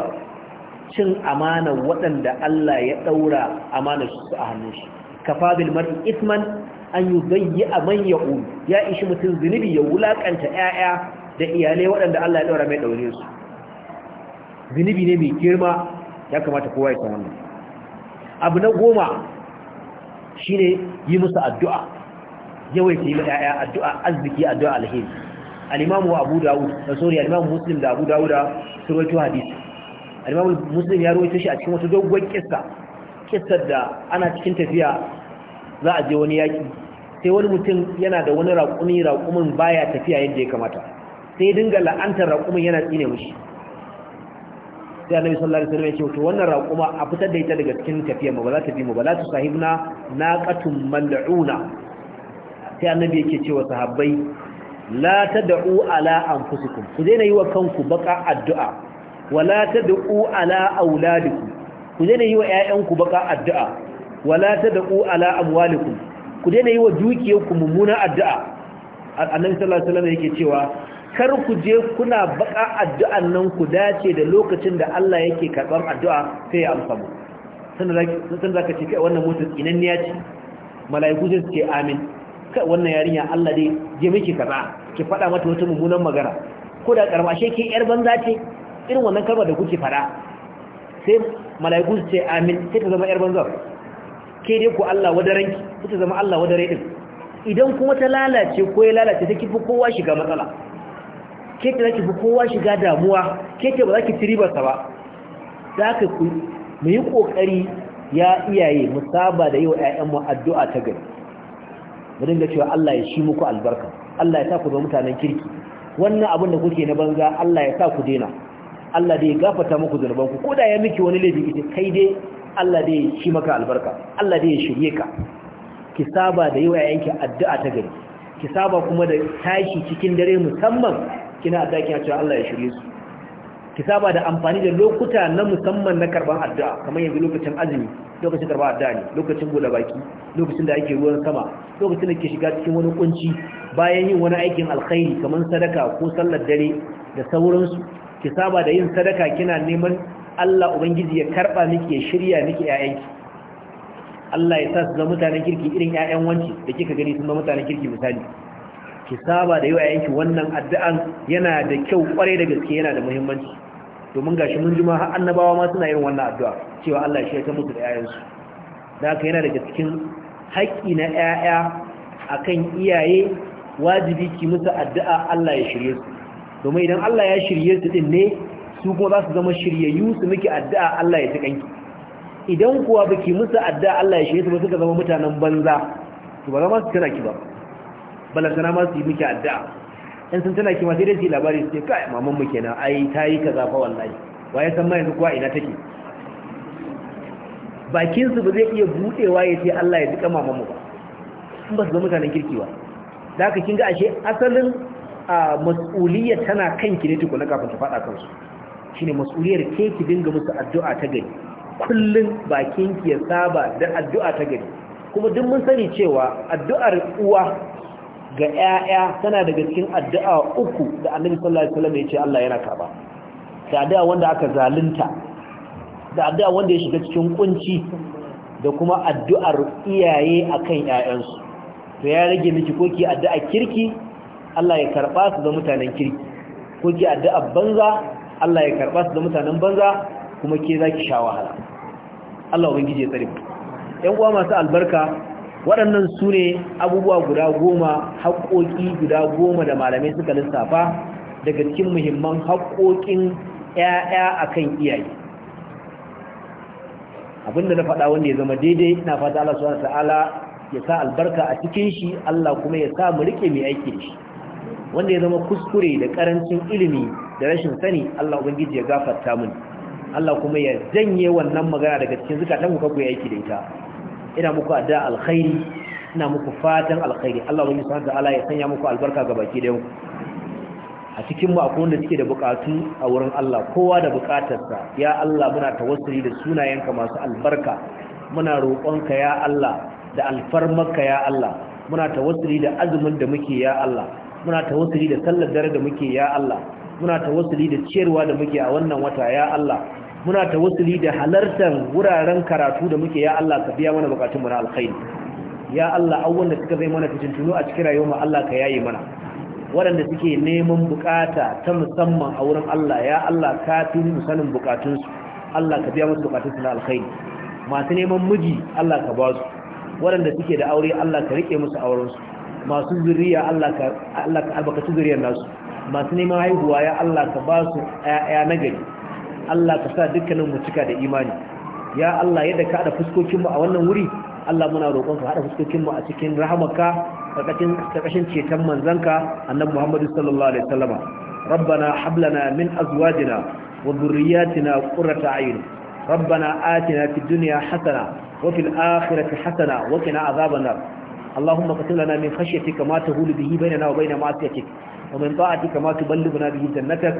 cin amana waɗanda Allah ya ɗaura amana su a hannun shi kafa bil mar'i isman an yi yudayyi man ya'ul ya ishi mutum zunubi ya wulaƙanta 'ya'ya da iyalai waɗanda Allah ya ɗaura mai ɗaure su zunubi ne mai girma ya kamata kowa ya wannan abu na goma shine yi musu addu'a yawaita yi 'ya'ya addu'a arziki addu'a alheri al-imamu abu dawud da eh, sori al-imamu muslim da abu dawud su rawaito hadisi al-imamu muslim ya rawaito shi a cikin wata doguwar kissa kissar da ana cikin tafiya za a je wani yaki sai wani mutum yana da wani raƙumi raƙumin baya tafiya yadda ya kamata sai dinga la'antar raƙumin yana tsine mishi sai annabi sallallahu alaihi wasallam ya ce to wannan raƙuma a fitar da ita daga cikin tafiyar mu ba za ta bi mu ba la tu sahibna naqatun mal'una sai annabi yake cewa sahabbai la tad'u ala anfusikum ku na yi wa kanku baka addu'a wala tad'u ala auladikum ku na yi wa ƴaƴanku baka addu'a wala tad'u ala amwalikum ku na yi wa dukiyarku mummuna addu'a annabi sallallahu alaihi wasallam yake cewa kar ku je kuna baka addu'an nan ku dace da lokacin da Allah yake karban addu'a sai ya amsa mu sannan zaka ce wannan mutum inanniya ce mala'iku sai su ce amin kai wannan yarinya Allah dai je miki kaza ki faɗa mata wata mummunan magana ko da karma she ke yar banza ce irin wannan kalma da kuke faɗa sai mala'iku su ce amin sai ta zama yar banza ke dai ku Allah wadaranki sai ta zama Allah wadare din idan kuma ta lalace ko ya lalace ta kifi kowa shiga matsala ke ta kifi fi kowa shiga damuwa ke ta ba za ki ci ribarsa ba za ka ku mu yi ƙoƙari ya iyaye mu saba da yi wa 'ya'yanmu addu'a ta gari mu dinga cewa Allah ya shi muku albarka Allah ya sa ku zo mutanen kirki wannan abin da kuke na banza Allah ya sa ku daina Allah dai ya gafarta muku zunuban ku koda ya miki wani laifi ita kai dai Allah dai ya shi maka albarka Allah dai ya shirye ka ki saba da yi wa yayanki addu'a ta gari ki saba kuma da tashi cikin dare musamman kina addu'a kina cewa Allah ya shirye su ki saba da amfani da lokuta na musamman na karban addu'a kamar yanzu lokacin azumi lokacin karban addu'a ne lokacin bude baki lokacin da ake ruwan sama lokacin da ke shiga cikin wani kunci bayan yin wani aikin alkhairi kamar sadaka ko sallar dare da sauransu ki saba da yin sadaka kina neman Allah ubangiji ya karba miki ya shirya miki ƴaƴanki Allah ya sa su zama mutanen kirki irin ƴaƴan wanci da kika gani sun zama mutanen kirki misali ki saba da yau ƴaƴanki wannan addu'an yana da kyau kwarai da gaske yana da muhimmanci domin gashi mun jima har annabawa ma suna yin wannan addu'a cewa Allah shi ya ta mutu da yayansu dan haka yana daga cikin haƙƙi na ƴaƴa akan iyaye wajibi ki musu addu'a Allah ya shirye su domin idan Allah ya shirye su din ne su kuma za su zama shiryayyu su miki addu'a Allah ya tukanki idan kuwa baki musu addu'a Allah ya shirye su ba suka zama mutanen banza to ba za ma su kira ki ba balantana ma su yi miki addu'a yan sun tana kima sai dai su labari su ce kai maman mu kenan ai ta yi kaza fa wallahi wa ya san mai yanzu kuwa ina take bakin su ba zai iya budewa ya ce Allah ya duka maman mu ba in ba su zama mutanen kirki ba da haka kin ga ashe asalin a mas'uliyya tana kan kanki ne tukuna kafin ta fada kansu shine mas'uliyar ke ki dinga musu addu'a ta gari kullun bakin ki ya saba da addu'a ta gari kuma duk mun sani cewa addu'ar uwa ga ƴaƴa tana daga cikin addu'a uku da annabi sallallahu alaihi wasallam ya ce Allah yana kaba da addu'a wanda aka zalunta da addu'a wanda ya shiga cikin kunci da kuma addu'ar iyaye akan ƴaƴansu to ya rage miki ko ki addu'a kirki Allah ya karba su da mutanen kirki ko ki addu'a banza Allah ya karba su da mutanen banza kuma ke zaki sha wahala Allah ubangije ya tsare ku ƴan uwa masu albarka waɗannan su ne abubuwa guda goma haƙoƙi guda goma da malamai suka lissafa daga cikin muhimman haƙoƙin 'ya'ya a akan iyaye abinda na faɗa wanda ya zama daidai na fata Allah subhanahu ta'ala ya sa albarka a cikin shi Allah kuma ya sa mu rike mai aiki da shi wanda ya zama kuskure da ƙarancin ilimi da rashin sani Allah ubangiji ya gafarta mun Allah kuma ya janye wannan magana daga cikin zakatan ku ku aiki da ita ina muku addu'a alkhairi ina muku fatan alkhairi Allah wani subhanahu Allah ya sanya muku albarka ga baki da a cikin mu akwai wanda suke da bukatu a wurin Allah kowa da bukatarsa ya Allah muna tawassuli da sunayenka masu albarka muna roƙonka ya Allah da alfarmarka ya Allah muna tawassuli da azumin da muke ya Allah muna tawassuli da sallar dare da muke ya Allah muna tawassuli da ciyarwa da muke a wannan wata ya Allah muna tawassuli da halartar wuraren karatu da muke ya Allah ka biya mana bukatun mu na alkhairi ya Allah awwan da suka zai mana tuno a cikin rayuwar mu Allah ka yaye mana waɗanda suke neman bukata ta musamman a wurin Allah ya Allah ka fi mu sanin bukatun su Allah ka biya musu bukatun su na alkhairi masu neman miji Allah ka ba su waɗanda suke da aure Allah ka rike musu auren su masu zuriya Allah ka Allah ka albarkaci zuriyar nasu masu neman haihuwa ya Allah ka ba su ƴaƴa gari. Allah ka sa dukkanin mu cika da imani ya Allah yadda ka hada fuskokin mu a wannan wuri Allah muna roƙon ka hada fuskokin mu a cikin rahamarka karkashin karkashin ceton manzanka annabi Muhammad sallallahu alaihi wasallama ربنا هب لنا من ازواجنا وذرياتنا قرة اعين ربنا آتنا في اللهم لنا من خشيتك ما تهول به بيننا وبين معصيتك ومن طاعتك ما تبلغنا به جنتك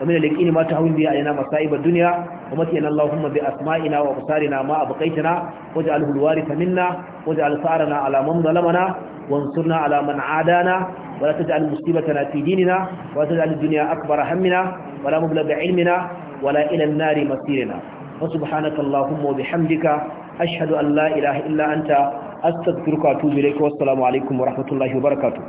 ومن اليقين ما تهون به علينا مصائب الدنيا ومتئنا اللهم بأسمائنا وأبصارنا ما أبقيتنا واجعله الوارث منا واجعل ثارنا على من ظلمنا وانصرنا على من عادانا ولا تجعل مصيبتنا في ديننا ولا تجعل الدنيا أكبر همنا ولا مبلغ علمنا ولا إلى النار مصيرنا وسبحانك اللهم وبحمدك أشهد أن لا إله إلا أنت أستغفرك وأتوب إليك والسلام عليكم ورحمة الله وبركاته